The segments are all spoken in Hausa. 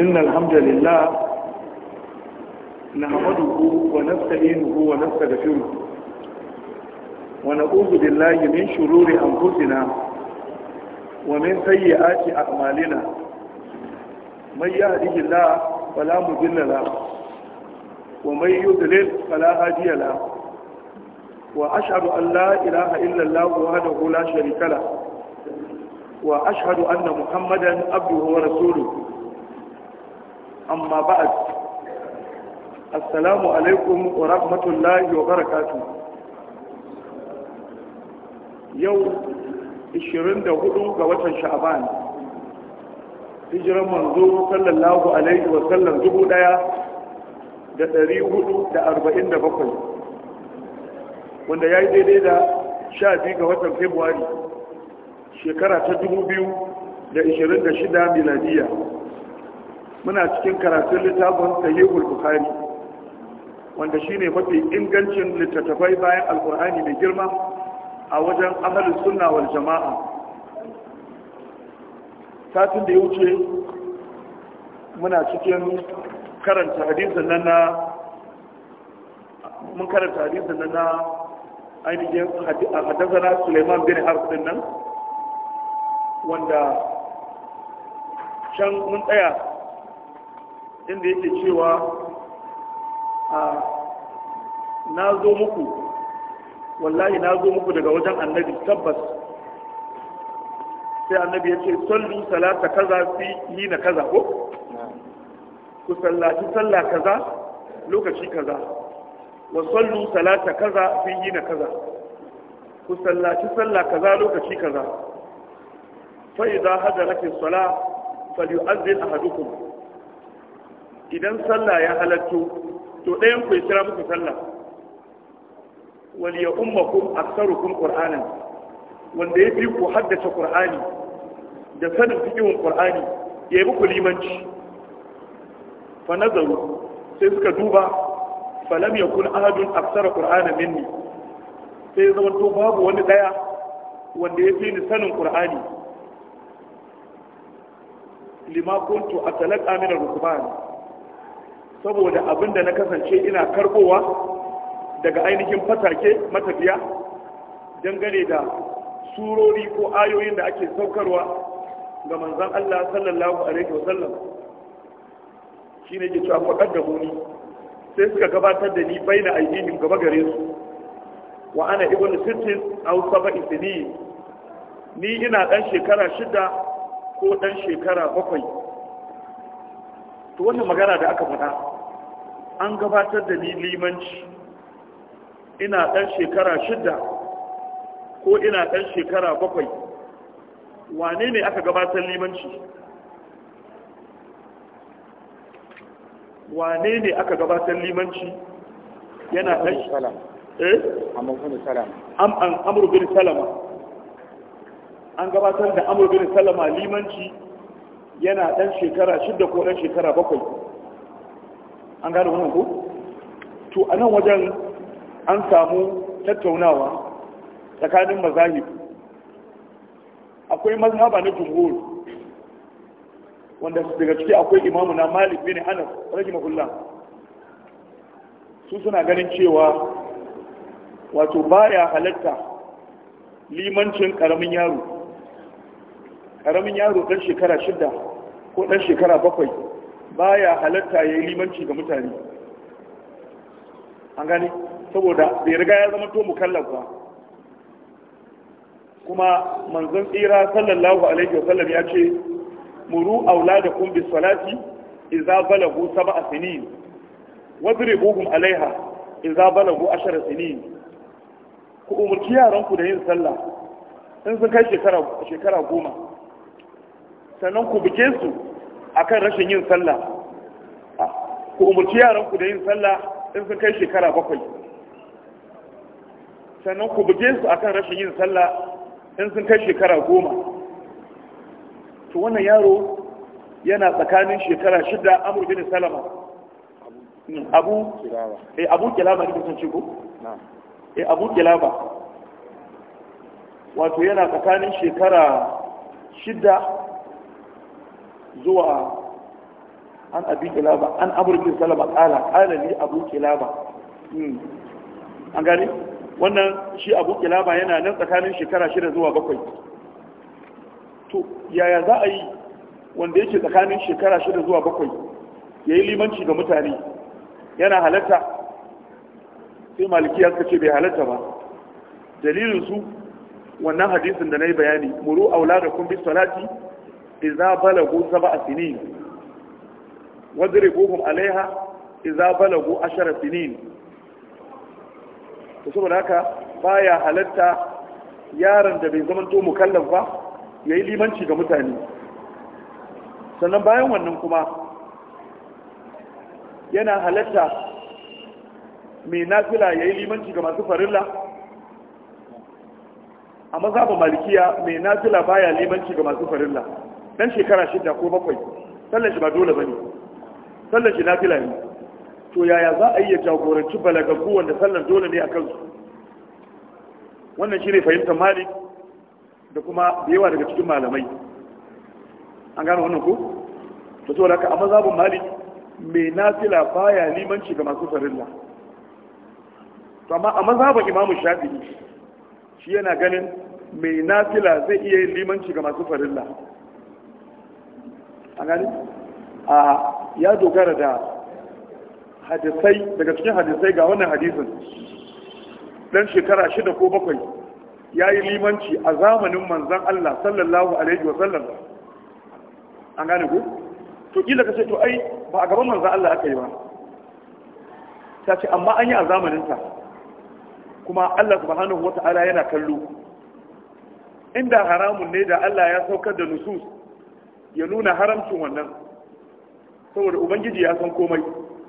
inna alhamdulillah nahmaduhu wa nasta'inuhu wa nastaghfiruh wa na'udhu billahi min shururi anfusina wa min sayyiati a'malina may yahdihillah fala mudilla lahu wa may yudlil fala hadiya lahu wa ashhadu an la ilaha illa allah wahdahu la sharika lahu wa ashhadu anna muhammadan abduhu wa amma ba'ad assalamu alaikum wa rahmatullahi wa barakatu yau 24 ga watan sha'aban hijiran manzo sallallahu alaihi wa sallam dubu daya da dari hudu da arba'in da bakwai wanda ya yi daidai da sha biyu ga watan februari shekara ta dubu biyu da ishirin da shida miladiyya muna cikin karatun littafin sahihul bukhari wanda shine mafi ingancin littattafai bayan alkur'ani mai girma a wajen ahlus sunna wal jama'a satin da ya wuce muna cikin karanta hadisin nan na mun karanta hadisin nan na ainihin hadazana suleiman bin harsin nan wanda can mun tsaya inda yake cewa a na zo muku wallahi na zo muku daga wajen annabi tabbas sai annabi ya ce sallu salata kaza fi yi na kaza ko ku sallaci salla kaza lokaci kaza wa sallu salata kaza fi yi na kaza ku sallaci salla kaza lokaci kaza fa idza hadarati salat falyu'azzin ahadukum idan sallah ya halatto to ɗayan ku ya kira muku sallah wal ya ummakum aktsarukum qur'anan wanda ya fi ku haddace qur'ani da sanin cikin qur'ani ya yi muku limanci fa nazaru sai suka duba falam yakun ahadun aktsara qur'ana minni sai zama to babu wani daya wanda ya fi ni sanin qur'ani lima kuntu atalaka min al-rukban saboda abin da na kasance ina karbowa daga ainihin fatake matafiya dangane da surori ko ayoyin da ake saukarwa ga manzan Allah sallallahu alaihi wasallam shi ne ke cewa da muni sai suka gabatar da ni bai na ainihin gaba gare su wa ana ibn sittin aw saba isini ni ina ɗan shekara shida ko ɗan shekara bakwai to wannan magana da aka faɗa an gabatar da ni limanci ina ɗan shekara shida ko ina ɗan shekara bakwai wane ne aka gabatar limanci wane ne aka gabatar limanci yana ɗan shekara eh? amur bin salama an gabatar da amur bin salama limanci yana ɗan shekara shida ko ɗan shekara bakwai an gane wannan ko to a nan wajen an samu tattaunawa tsakanin mazahib akwai mazhaba na jumhur wanda daga ciki akwai imamu na malik bin anas rahimahullah su suna ganin cewa wato baya halatta limancin karamin yaro karamin yaro dan shekara shida ko dan shekara bakwai baya halatta ya yi limanci ga mutane an gani saboda bai riga ya zama to mukallaf ba kuma manzon tsira sallallahu alaihi wa sallam ya ce muru auladakum bis salati idza balagu sab'a sinin wadribuhum alaiha idza balagu ashara sinin ku umurci yaran ku da yin sallah in sun kai shekara shekara goma sannan ku bige su akan rashin yin sallah ah, ku umarci yaranku da yin sallah in sun kai shekara bakwai sannan ku buge su akan rashin yin sallah in sun kai shekara goma to wannan yaro yana tsakanin shekara shida amur bin salama abu eh abu kilaba ne kusan ciko eh abu kilaba wato yana tsakanin shekara shida zuwa an abi kilaba an aburkin salama kala kala ne abu kilaba hmm. an gani wannan shi abu kilaba yana nan tsakanin shekara shida zuwa bakwai to yaya za a yi wanda yake tsakanin shekara shida zuwa bakwai ya yi limanci ga mutane yana halatta sai maliki ya ce bai halatta ba dalilinsu wannan hadisin da na yi bayani muru wula da kun salati Iza balagu sab'a sinin wadribuhum alaiha iza balagu ashara sinin to saboda haka baya halatta yaron da bai zama to mukallaf ba yayi limanci ga mutane sannan bayan wannan kuma yana halatta mai nafila ya yi limanci ga masu farilla a mazaba malikiya mai nafila baya limanci ga masu farilla dan shekara shida ko bakwai sallar shi ba dole bane sallar shi nafila ne to yaya za a iya jagoranci balagaggu wanda sallar dole ne a kansu wannan shi ne fahimtar malik da kuma da yawa daga cikin malamai an gano wannan ko to to haka a zabun malik mai nafila baya limanci ga masu farilla to amma a zabun imamu shafi'i shi yana ganin mai nafila zai iya yin limanci ga masu farilla an gani a ya dogara da hadisai daga cikin hadisai ga wannan hadisin dan shekara shida ko bakwai ya yi limanci a zamanin manzan Allah sallallahu alaihi wa sallam an gane ku to kila ka ce to ai ba a gaban manzan Allah aka yi ba ta ce amma an yi a zamaninta kuma Allah subhanahu wata'ala ta'ala yana kallo inda haramun ne da Allah ya saukar da nusus ya nuna haramcin wannan saboda ubangiji ya san komai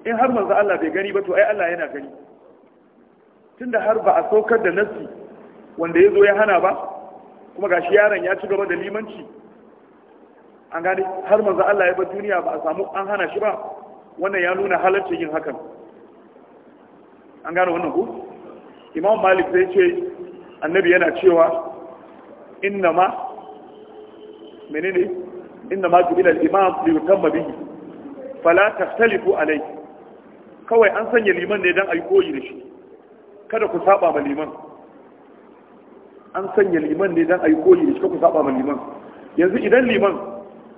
in har manzo Allah bai gani ba to ai Allah yana gani tunda har ba a saukar da nasi wanda yazo ya hana ba kuma gashi yaron ya ci gaba da limanci an gani har manzo Allah ya bar duniya ba a samu an hana shi ba wannan ya nuna halarci yin hakan an gane wannan ku imam malik sai ce annabi yana cewa innama menene inna ma ju'ila al-imam li yutamma bihi fala taftalifu alayhi kawai an sanya liman ne dan yi koyi da shi kada ku saba ma liman an sanya liman ne dan yi koyi da shi kada ku saba ma liman yanzu idan liman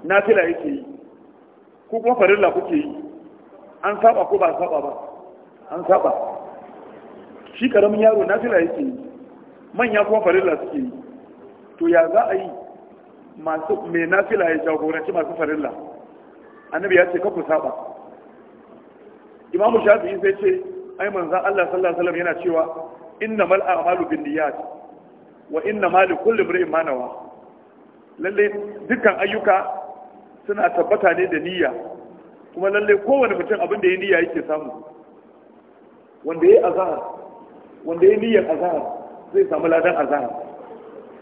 nafila yake yi ko kuma farilla kuke yi an saba ko ba saba ba an saba shi karamin yaro nafila yake yi manya kuma farilla suke yi to ya za a yi masu mai nafila ya jagoranci masu farilla annabi ya ce ku saba imamu shafi'i sai ce ai manzan Allah sallallahu alaihi yana cewa mal a'malu niyyat wa innamal likulli imrin ma nawa lalle dukkan ayyuka suna tabbata ne da niyya kuma lalle kowane mutum abin da ya niyya yake samu wanda ya azhar wanda ya niyyar azhar zai samu ladan azhar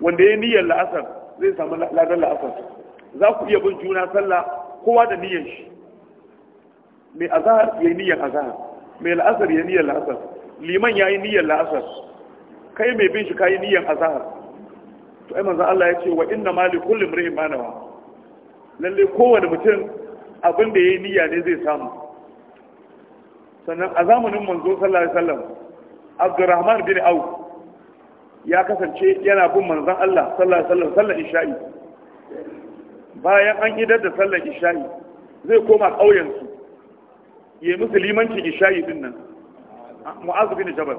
wanda ya niyyar la'asar zai samu ladan la'asar za ku iya bin juna sallah kowa da niyyar shi mai azahar ya yi niyyar azahar mai la'asar ya yi niyyar la'asar liman ya yi niyyar la'asar kai mai bin shi ka yi niyyar azahar to ai manzan Allah ya ce wa inna mali kullum rihin manawa lalle kowane mutum abin da ya yi niyya ne zai samu sannan a zamanin manzo sallallahu alaihi wasallam abdurrahman bin auf ya kasance yana bin manzon Allah sallallahu alaihi wasallam sallar isha'i bayan an idar da sallar isha'i zai koma ƙauyensu, su ya musu limancin isha'i din nan mu'azu bin jabal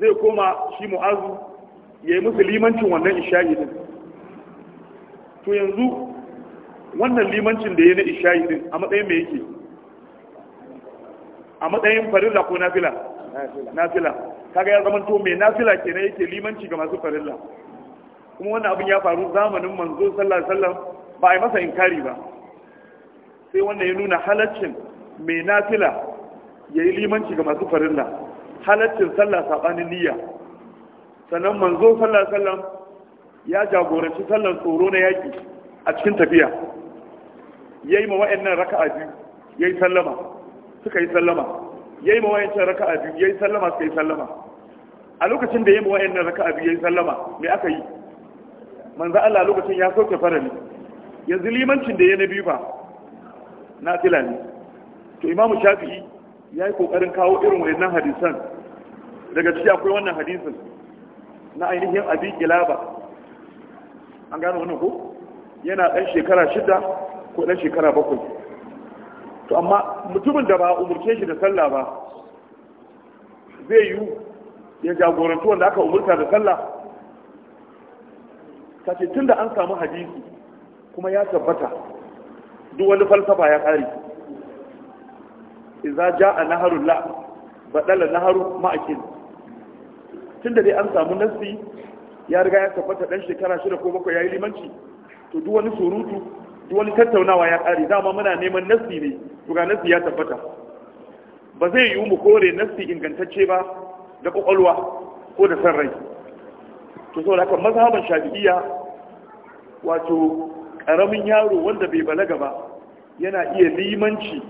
zai koma shi mu'azu ya musu limancin wannan isha'i din to yanzu wannan limancin da ya na isha'i din a matsayin me yake a matsayin farilla ko nafila nafila kaga ya zamanto mai nafila kenan yake limanci ga masu farilla kuma wannan abin ya faru zamanin manzo sallallahu alaihi ba a yi masa inkari ba sai wannan ya nuna halaccin mai nafila ya yi limanci ga masu farilla halaccin sallah saɓanin niyya sannan manzo sallah sallam ya jagoranci sallan tsoro na yaƙi a cikin tafiya ya yi ma wa'annan raka'a biyu ya yi sallama suka yi sallama yayi ma raka raka'a biyu yayi sallama sai sallama a lokacin da yayi ma raka raka'a biyu yayi sallama me aka yi manzo Allah lokacin ya soke ne, yanzu limancin da ya na biyu ba na filani to imamu shafi'i ya yi kokarin kawo irin wayannan hadisan daga ciki akwai wannan hadisin na ainihin abi kilaba an gano wannan ko yana dan shekara shida ko dan shekara bakwai to amma mutumin da ba a umurce shi da sallah ba zai yi ya jagoranci wanda aka umurta da sallah ce tun da an samu hadisi kuma ya tabbata duk wani falsafa ya kare ja a naharun la baɗala naharun ma'akin da dai an samu nasi ya riga ya tabbata ɗan shekara shida ko bakwai ya yi limanci to duk wani surutu wani tattaunawa ya ƙare dama muna neman nassi ne to ga nassi ya tabbata ba zai yiwu mu kore nassi ingantacce ba da ƙwaƙwalwa ko da san rai to saboda haka mazhaban shafi'iyya wato karamin yaro wanda bai balaga ba yana iya limanci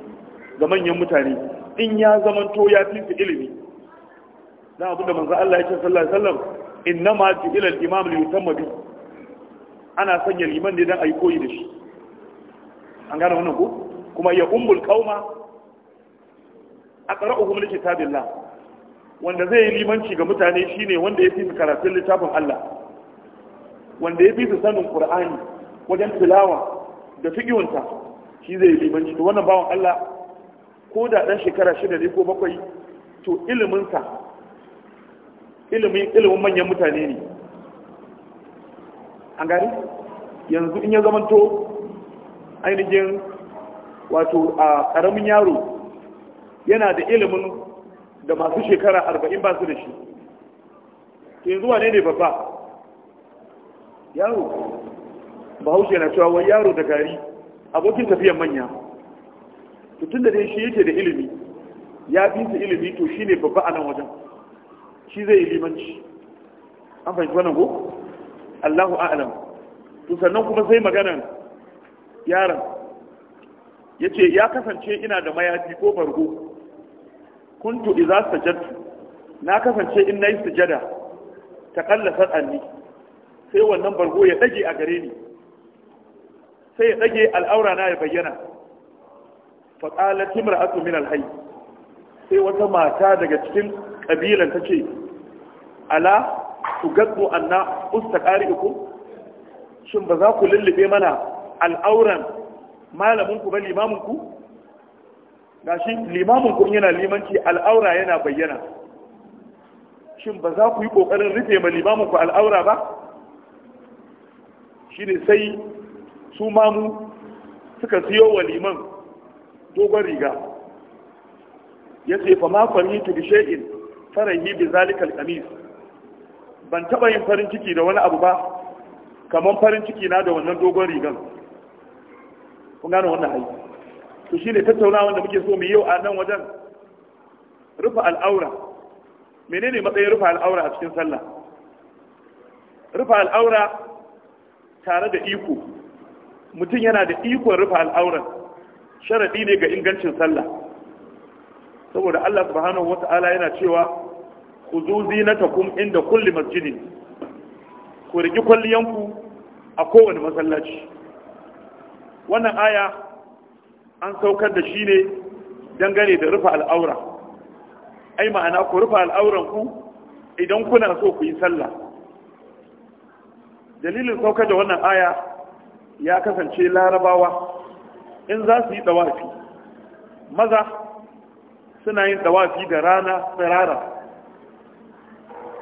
ga manyan mutane in ya zamanto ya fi ilimi na da manzo Allah ya ce sallallahu alaihi wasallam innama ju'ila al-imam li yutamma bi ana sanya liman ne dan ayi koyi da shi an gane wannan ku? kuma ya umbul qauma aqra'uhum li kitabillah wanda zai yi limanci ga mutane shine wanda ya fi su karatun littafin Allah wanda ya fi su sanin Qur'ani wajen tilawa da fiqhunta shi zai yi limanci to wannan bawan Allah ko da dan shekara shida ne ko bakwai to iliminsa ilimin ilimin manyan mutane ne an gani yanzu in ya zamanto ainihin wato a ƙaramin yaro yana da ilimin da masu shekara arba'in ba su da shi yanzu wane ne babba yaro bahaushe na cewa wai yaro da gari abokin tafiyan manya tun da dai shi yake da ilimi ya fi su ilimi to shi ne babba a nan wajen shi zai yi limanci an fahimci wannan ko allahu a'alam tusannan kuma sai maganan yaron ya ce ya kasance ina da mayafi ko bargo kuntu iza sajadtu na kasance in na yi sujada ta kallasa tsanni sai wannan bargo ya dage a gare ni sai ya dage al'aura na ya bayyana fa qalat imra'atu min al-hayy sai wata mata daga cikin kabilan ta ce ala tugaddu anna ustaqari'ukum shin ba za ku lullube mana al'auran malaminku ba limaminku ga shi limaminku yana limanci al'aura yana bayyana shin ba za ku yi ƙoƙarin rufe ma limaminku al'aura ba shi ne sai su mamu suka siyo wa liman dogon riga ya ce fa makon yi tubi fara yi bi zalikal kamis ban taɓa yin farin ciki da wani abu ba kamar farin ciki na da wannan dogon rigan kun gane wannan ai to shine tattaunawa da muke so mu yau a nan wajen rufe al'aura menene matsayin rufe al'aura a cikin sallah rufe al'aura tare da iko mutum yana da ikon rufe al'auran sharadi ne ga ingancin sallah saboda Allah subhanahu wata'ala yana cewa ku zo zinatakum inda kulli masjidin ku riki kwalliyanku a kowane masallaci wannan aya an saukar da shi ne dangane da rufe al'aura ai ma'ana ku rufe al'auran ku idan kuna so ku yi sallah dalilin saukar da wannan aya ya kasance larabawa in za su yi dawafi maza suna yin dawafi da rana tsirara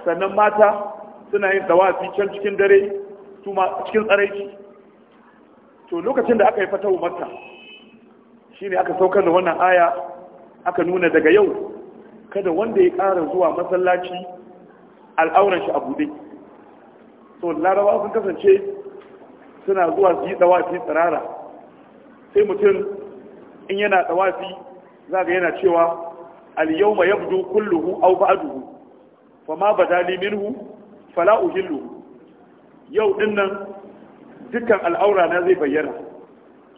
sannan mata suna yin dawafi can cikin dare cikin tsaraici to lokacin da aka yi fatawu shi shine aka saukar da wannan aya aka nuna daga yau kada wanda ya ƙara zuwa masallaci al'auran shi a buɗe so larabawa sun kasance suna zuwa su yi tsawafi tsirara sai mutum in yana tsawafi zaga yana cewa al-yawma yabdu kulluhu aw ba'duhu fama badali minhu fala luhu. yau nan. dukkan al'aura na zai bayyana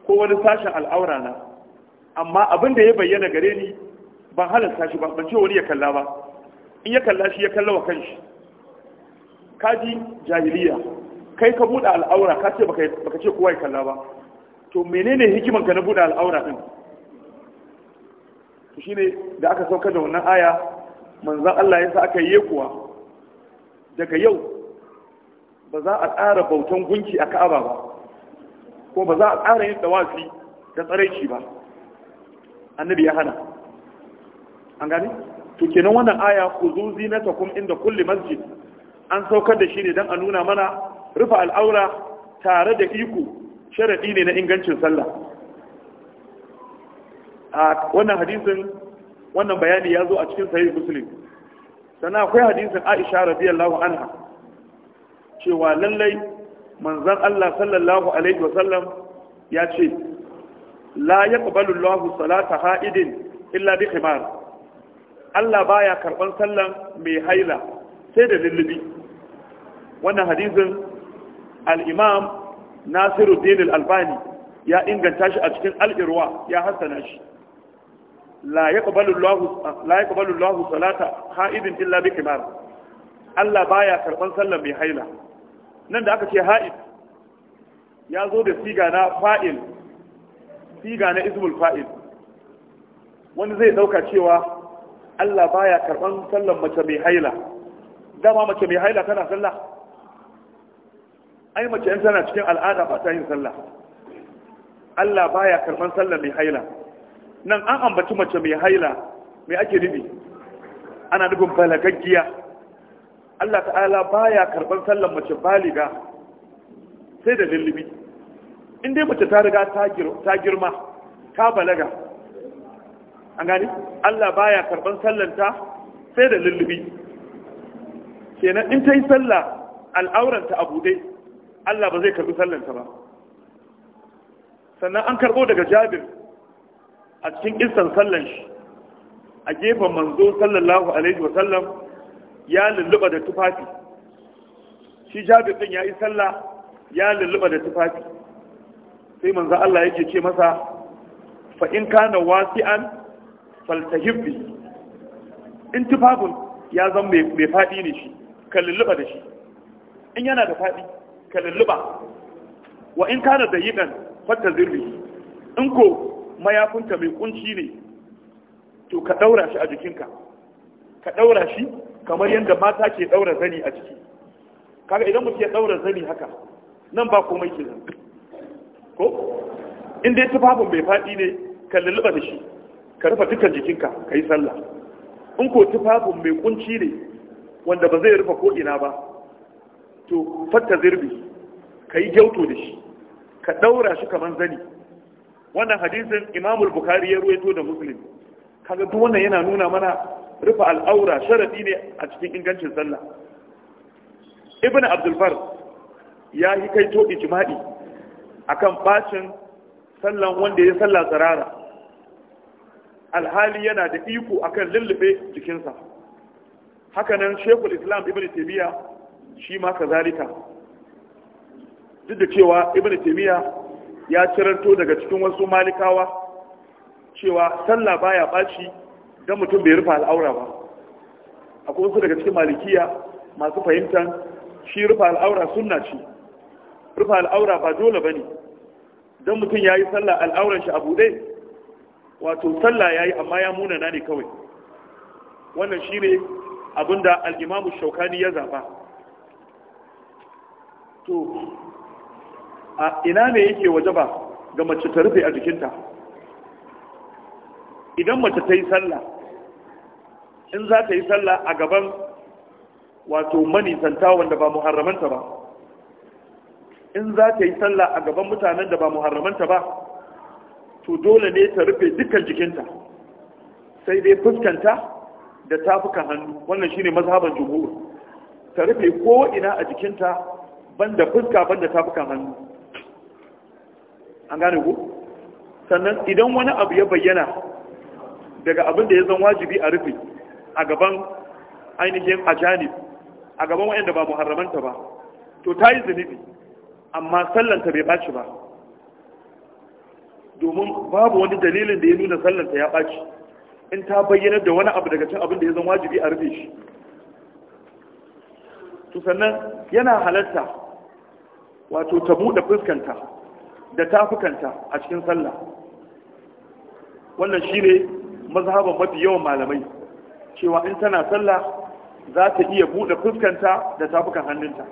ko wani sashen al'aura na amma abin da ya bayyana gare ni ban halarta shi ba ban ce wani ya kalla ba in ya kalla shi ya kalla wa kanshi kaji jahiliya kai ka buɗe al'aura ka ce baka ce kowa ya kalla ba to menene hikiman ka na buɗe al'aura din to shine da aka sauka da wannan aya manzon Allah ya sa aka yi kuwa daga yau ba za a ƙara bautan gunki a ka'aba ba ko ba za a ƙara yin dawafi da tsaraici ba annabi ya hana an gani. to kenan wannan aya khuzu zinatakum inda kulli masjid an saukar da shi ne dan a nuna mana rufe al'aura tare da iko sharadi ne na ingancin sallah a wannan hadisin wannan bayani ya zo a cikin sahih muslim sannan akwai hadisin Aisha radiyallahu anha cewa lallai manzan Allah sallallahu alaihi wasallam ya ce la yaqbalu Allahu salata ha'idin illa bi khimar Allah baya karban sallan mai haila sai da lullubi wannan hadisin al-Imam Nasiruddin al-Albani ya inganta shi a cikin al-Irwa ya hassana shi la yaqbalu Allahu la yaqbalu Allahu salata ha'idin illa bi khimar Allah baya karban sallan mai haila nan da aka ce ha'id ya zo da siga na fa'il siga na ismul fa'il wani zai dauka cewa Allah baya karban sallan mace mai haila dama mace mai haila tana sallah ai mace in tana cikin al'ada ba ta yin sallah Allah baya karban sallan mai haila nan an ambaci mace mai haila mai ake nufi ana nufin balagaggiya Allah ta'ala baya karɓar sallan mace baliga sai da lullubi in dai mace ta riga ta girma ta balaga an gani Allah baya karɓar sallanta sai da lullubi kenan in ta yi sallah al'auranta a buɗe Allah ba zai karɓi sallanta ba sannan an karɓo daga jabir a cikin isan sallan shi a gefen manzo sallallahu alaihi wasallam ya lulluba da tufafi shi jabir din ya yi sallah ya lulluba da tufafi sai manzo Allah yake ce masa fa in kana wasi'an faltahibbi in tufafin ya zan mai faɗi ne shi ka lulluba da shi in yana da faɗi ka lulluba wa in kana da yiɗan fata zirri in ko mayafinta mai kunci ne to ka ɗaura shi a jikinka ka ɗaura shi kamar yadda mata ke daura zani a ciki kaga idan muke ɗaura daura zani haka nan ba komai ke zan ko in dai tufafin bai faɗi ne ka lulluɓa da shi ka rufa dukkan jikinka ka yi sallah in ko tufafin mai kunci ne wanda ba zai rufa ko'ina ba to fatta zirbi ka yi gyauto da shi ka ɗaura shi kamar zani wannan hadisin imamul bukari ya ruwaito da muslim kaga duk wannan yana nuna mana rufe al'aura sharadi ne a cikin ingancin sallah ibn abdulbar ya yi kai to ijma'i akan bacin sallan wanda ya salla tsirara alhali yana da iko akan lullube jikinsa nan, shekul islam ibn taimiyya shi ma kazalika duk da cewa ibn taimiyya ya ciranto daga cikin wasu malikawa cewa sallah baya baci don mutum bai rufe al'aura ba akwai wasu daga cikin malikiya masu fahimtar shi rufe al'aura sunna ce Rufe al'aura ba dole ba ne don mutum ya yi sallah al'auran shi a buɗe wato sallah ya yi amma ya munana ne kawai wannan shi ne abinda al'imamu shaukani ya zaba to a ina ne yake waje ba ga mace ta rufe a jikinta idan mace ta yi sallah in za ta yi sallah a gaban wato santa wanda ba muharramanta ba in za ta yi sallah a gaban mutanen da ba muharramanta ba to dole ne ta rufe dukkan jikinta sai dai fuskanta da tafukan hannu wannan shine mazhaban jumhur ta rufe ko ina a jikinta banda fuska banda tafukan hannu an gane ku sannan idan wani abu ya bayyana daga abin da ya zan wajibi a rufe a gaban ainihin ajanib a gaban wayanda ba muharramanta ba to ta yi zunubi amma sallanta bai ɓaci ba domin babu wani dalilin da ya nuna sallanta ya ɓaci in ta bayyana da wani abu daga cin abin da ya zan wajibi a rufe shi to sannan yana halarta wato ta buɗe fuskanta da tafukanta a cikin sallah wannan shi ne mazhaban mafi yawan malamai cewa in tana sallah za ta iya buɗe fuskanta da tafukan hannunta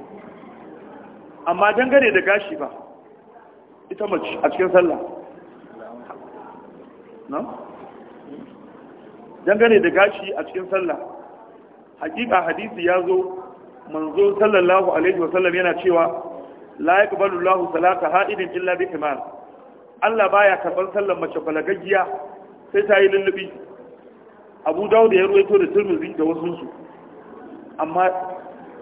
amma dangane da gashi ba ita mace a cikin sallah dangane da gashi a cikin sallah hakika hadisi ya zo manzo sallallahu alaihi wasallam yana cewa la yaqbalu Allahu salata ha'idin illa bi himar Allah baya karban sallar mace balagaggiya sai ta yi lullubi abu da ya ruwaito da turmizi da wasunsu amma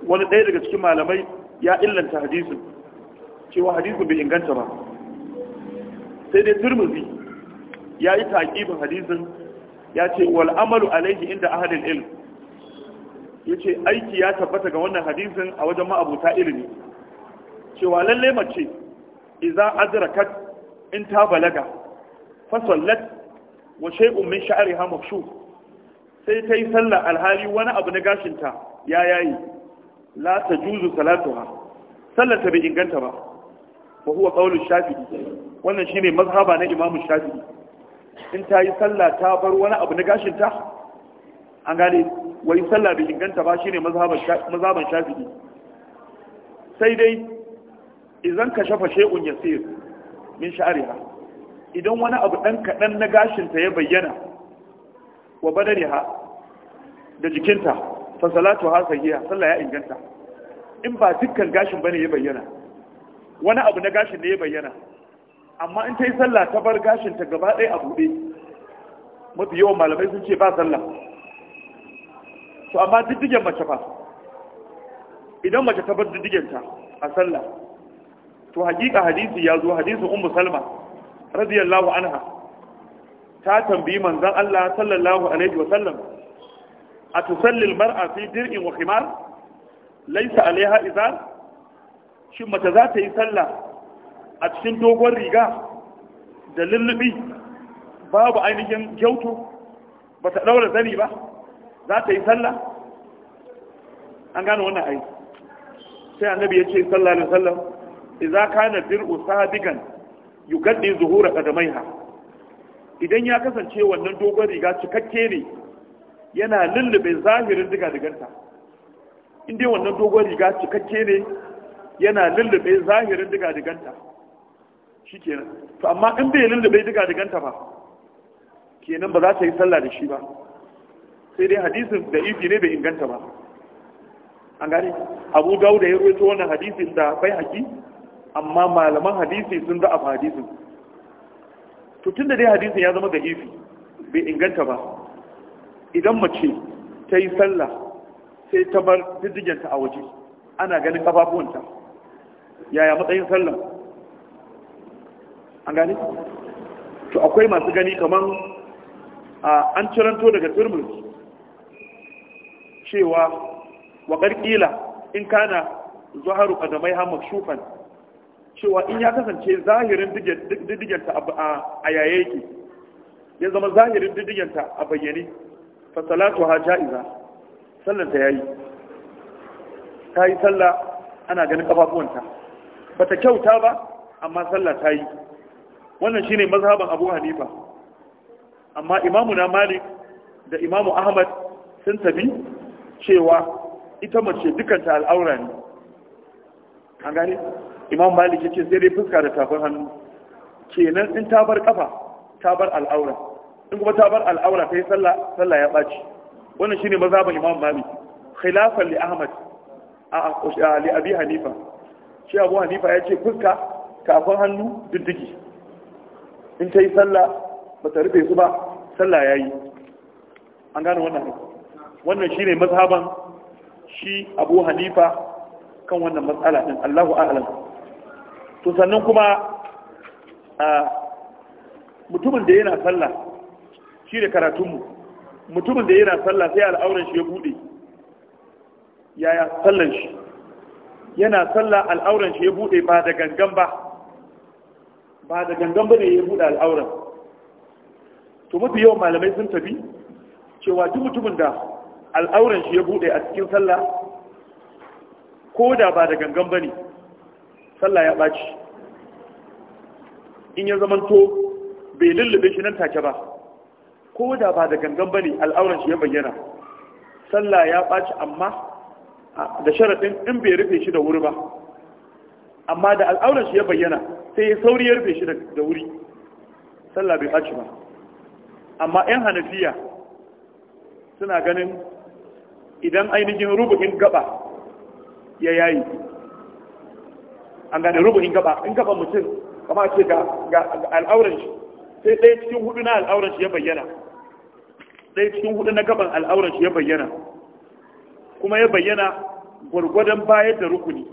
wani ɗaya daga cikin malamai ya illanta hadisu cewa hadisu bai inganta ba sai dai turmizi ya yi taƙibin hadisin ya ce wal'amalu alaihi inda ahadin ilm ya ce aiki ya tabbata ga wannan hadisin a wajen ma'abuta ilimi cewa lallai mace iza azrakat in ta balaga fasallat wa shay'un min sha'riha mafshu sai ta yi sallah alhali wani abu na gashinta ya yayi la tajuzu salatuha sallar ta bai inganta ba wa huwa qawlu shafi'i wannan shi ne mazhaba na imam shafi'i in ta yi sallah ta bar wani abu na gashinta an gane wai sallah bai inganta ba shine mazhaban shafi'i sai dai izan ka shafa shay'un yasir min sha'riha idan wani abu ɗan kaɗan na gashinta ya bayyana wa badari ha da jikinta fasalatu ha sahiya sallah ya inganta in ba dukkan gashin bane ya bayyana wani abu na gashin ne ya bayyana amma in ta yi sallah ta bar gashinta gaba ɗaya a buɗe mafi yawan malamai sun ce ba sallah to amma diddigen mace fa idan mace ta bar diddigenta a sallah to hakika hadisi ya zo hadisin ummu salma radiyallahu anha ta tambayi manzon Allah sallallahu alaihi wa sallam a tusalli mar'a fi dir'in wa khimar laysa alaiha izar shin mace za ta yi sallah a cikin dogon riga da lullubi babu ainihin gyautu ba ta daura zani ba za ta yi sallah an gane wannan aiki sai annabi ya ce sallallahu alaihi wasallam idza kana dir'u sadigan yugaddi zuhura kadamaiha idan ya kasance wannan dogon riga cikakke ne yana lullube zahirin diga-diganta inda wannan dogon riga cikakke ne yana lullube zahirin diga-diganta shikenan to amma in bai lullube diga-diganta ba kenan ba za ta yi sallah da shi ba sai dai hadisin da ifi ne bai inganta ba an gane abu dauda ya ruwaito wannan hadisin da bai haƙi amma malaman hadisi sun da a hadisin to tunda dai hadisin ya zama ifi bai inganta ba idan mace ta yi sallah sai ta bar diddiganta a waje ana ganin kafafuwanta yaya matsayin sallah an gane to akwai masu gani kamar an ciranto daga turmin cewa waƙarƙila in kana zuharu ƙadamai hamar shufan cewa in ya kasance zahirin diddiganta a yaye yake ya zama zahirin diddiganta a bayyane fasalatu salatu ha ja'iza sallanta ta yayi ta yi sallah ana ganin kafafuwanta bata kyauta ba amma salla ta yi wannan shine mazhaban Abu Hanifa amma imamu na Malik da imamu Ahmad sun tabi cewa ita mace dukanta al'aura ne an gani imam malik ya ce sai dai fuska da tafin hannu kenan in ta bar kafa ta bar al'aura in kuma ta bar al'aura ta yi sallah sallah ya ɓaci wannan shine mazhaban imam malik khilafan li ahmad a li abi hanifa shi abu hanifa ya ce fuska tafin hannu diddigi in ta yi sallah ba ta rufe su ba sallah ya yi an gane wannan wannan shine mazhaban shi abu hanifa kan wannan matsala din Allahu a'lam to sannan kuma mutumin da yana sallah shi da karatunmu mutumin da yana sallah sai al'auran shi ya bude yaya sallan shi yana sallah al'auran shi ya bude ba da gangan ba ba da gangan ba ne ya bude al'auran to mafi yawan malamai sun tafi cewa duk mutumin da al'auran shi ya bude a cikin sallah ko da ba da gangan ba ne sallah ya ɓaci in ya zamanto bai lullube shi nan take ba ko da ba da gangan bane al'auran shi ya bayyana sallah ya ɓaci amma da sharaɗin in bai rufe shi da wuri ba amma da al'auran shi ya bayyana sai ya sauri ya rufe shi da wuri sallah bai ɓaci ba amma 'yan hanafiya suna ganin idan ainihin rubu'in gaba ya yayi an gane in gaba in gaba mutum kama ce ga al'auran shi sai ɗaya cikin hudu na al'auran shi ya bayyana ɗaya cikin hudu na gaban al'auran shi ya bayyana kuma ya bayyana gwargwadon bayar da rukuni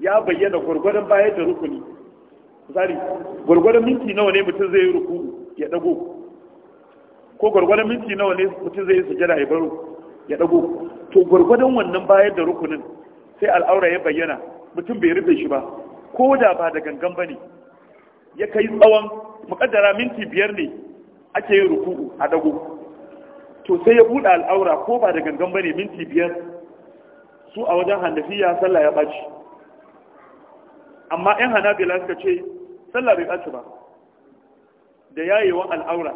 ya bayyana gwargwadon bayar da rukuni misali gwargwadon minti nawa ne mutum zai yi ruku ya dago ko gwargwadon minti nawa ne mutum zai yi sujada ya baro ya dago to gwargwadon wannan bayar da rukunin sai al'aura ya bayyana mutum bai rufe shi ba ko da ba da gangan ba ne ya kai tsawon mukaddara minti biyar ne ake yin ruku'u a dago to sai ya buɗe al'aura ko ba da gangan ba ne minti biyar su a wajen hannafiya sallah ya ɓaci amma 'yan hanabila suka ce sallah bai ɓaci ba da yayewan al'aura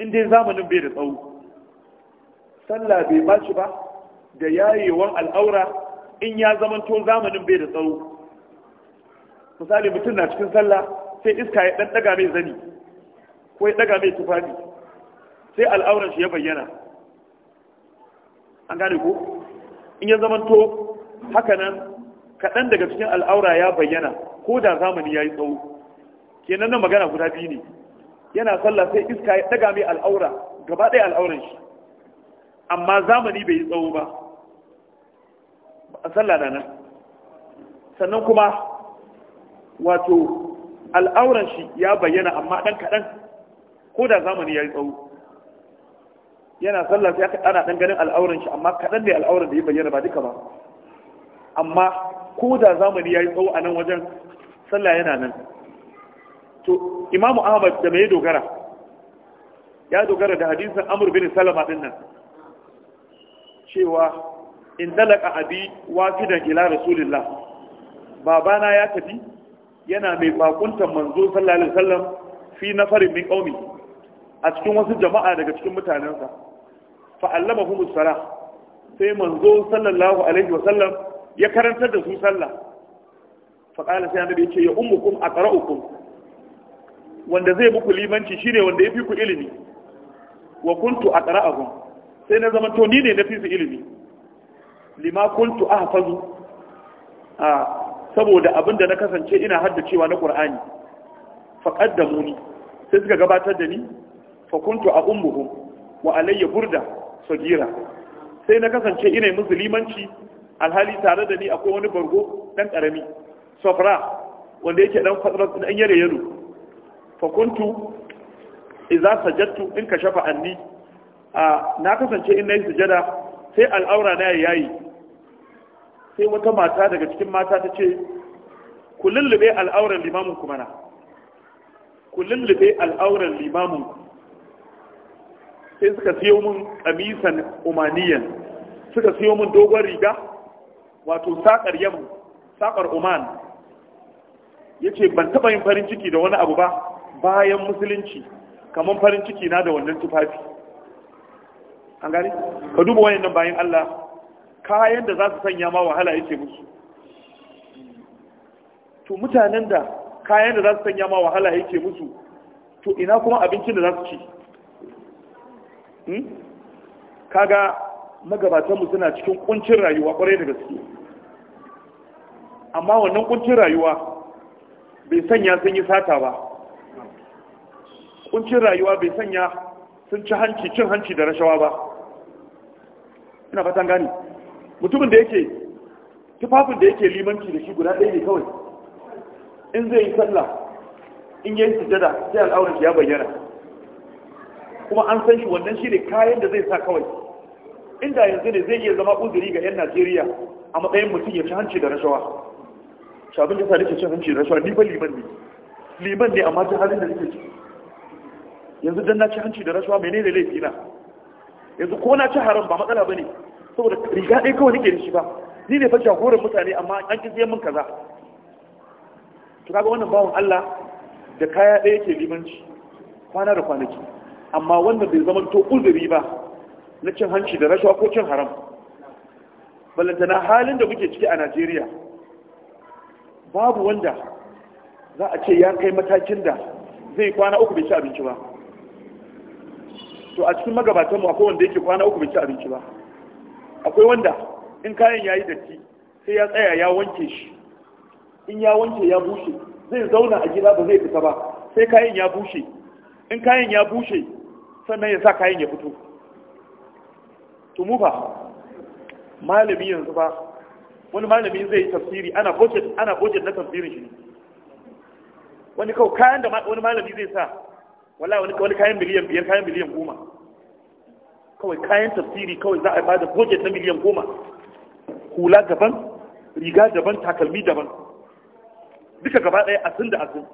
in dai zamanin bai da tsawo sallah bai ɓaci ba da yayewan al'aura in ya zamanto zamanin bai da tsawo misali mutum na cikin sallah sai iska ya dan daga mai zani ko ya daga mai tufafi sai al'auran shi ya bayyana an gane ko in ya zamanto nan, kaɗan daga cikin al'aura ya bayyana ko da zamani ya yi tsawo kenan nan magana guda biyu ne yana sallah sai iska ya daga mai al'aura gaba ɗaya al'auran shi amma zamani bai yi tsawo ba sallah na nan sannan kuma wato al'auran shi ya bayyana amma ɗan kaɗan ko da zamani ya yi tsawo yana sallah sai aka ɗana ɗan ganin al'auran shi amma kaɗan ne al'auran da ya bayyana ba duka ba amma ko da zamani ya yi tsawo a nan wajen sallah yana nan to imamu ahmad da mai dogara ya dogara da hadisin amur bin salama din nan cewa in dalaka abi wafidan ila rasulillah babana ya tafi yana mai bakuntan manzo sallallahu alaihi wasallam fi nafarin min qaumi a cikin wasu jama'a daga cikin mutanensa fa allamahu musalla sai manzo sallallahu alaihi wasallam ya karantar da su sallah fa qala sai annabi yace ya ummukum aqra'ukum wanda zai muku limanci shine wanda yafi ku ilimi wa kuntu aqra'ukum sai na zama to ni ne na fi su ilimi lima kuntu ahfazu a saboda abinda na kasance ina haddacewa na qur'ani ni. sai suka gabatar da ni fa kuntu a ummuhu wa alayya burda sagira sai na kasance ina musulmanci alhali tare da ni akwai wani bargo ɗan karami safra wanda yake dan fatras dan yare yaro fa kuntu idza sajadtu in kashafa anni na kasance in sujada sai al'aura na yayi sai wata mata daga cikin mata ta ce ku lullube al'auran limamin mana ku lullube al'auran limamin sai suka siyo mun kamisan umaniyan suka siyo mun dogon riga wato sakar yamu sakar oman ce ban taba yin farin ciki da wani abu ba bayan musulunci kamar farin ciki na da wannan tufafi an gani ka duba wayannan bayan Allah kayan da za su sanya ma wahala yake musu to mutanen da kayan da za su sanya ma wahala yake musu to ina kuma abincin da za su ci hmm? kaga magabatanmu suna cikin kuncin rayuwa kwarai da gaske amma wannan kuncin rayuwa bai sanya sun yi sata ba kuncin rayuwa bai sanya sun ci hanci cin hanci da rashawa ba ina fatan gani mutumin da yake tufafin da yake limanci da shi guda ɗaya ne kawai in zai yi sallah in yi jada, sai al'auran ya bayyana kuma an san shi wannan shi ne kayan da zai sa kawai inda yanzu ne zai iya zama uzuri ga 'yan najeriya a matsayin mutum ya ci hanci da rashawa shabin da ke cin hanci da rashawa ni ba liman ne liman ne amma ta halin da nake ci yanzu dan na ci hanci da rashawa menene laifi na yanzu ko na ci haram ba matsala bane saboda riga ɗaya kawai nake da shi ba ni ne fashe horar mutane amma an ƙi siyan min kaza to kaga wannan bawan Allah da kaya ɗaya ke limanci kwana da kwanaki amma wannan bai zama to uzuri ba na cin hanci da rashawa ko cin haram na halin da muke ciki a Najeriya babu wanda za a ce ya kai matakin da zai kwana uku bai ci abinci ba to a cikin magabatanmu akwai wanda yake kwana uku bai ci abinci ba akwai wanda in kayan ya yi datti sai ya tsaya ya wanke shi in ya wanke ya bushe zai zauna a gida ba zai fita ba sai kayan ya bushe in kayan ya bushe sannan ya sa kayan ya fito tumu ba malami yanzu ba wani malami zai yi tafsiri ana budget ana budget na tafsirin shi wani kawai kayan da wani malami zai sa wala wani kayan miliyan biyar kayan miliyan goma kawai kayan tafsiri kawai za a ba da budget na miliyan goma hula daban riga daban takalmi daban duka gaba ɗaya asin da asin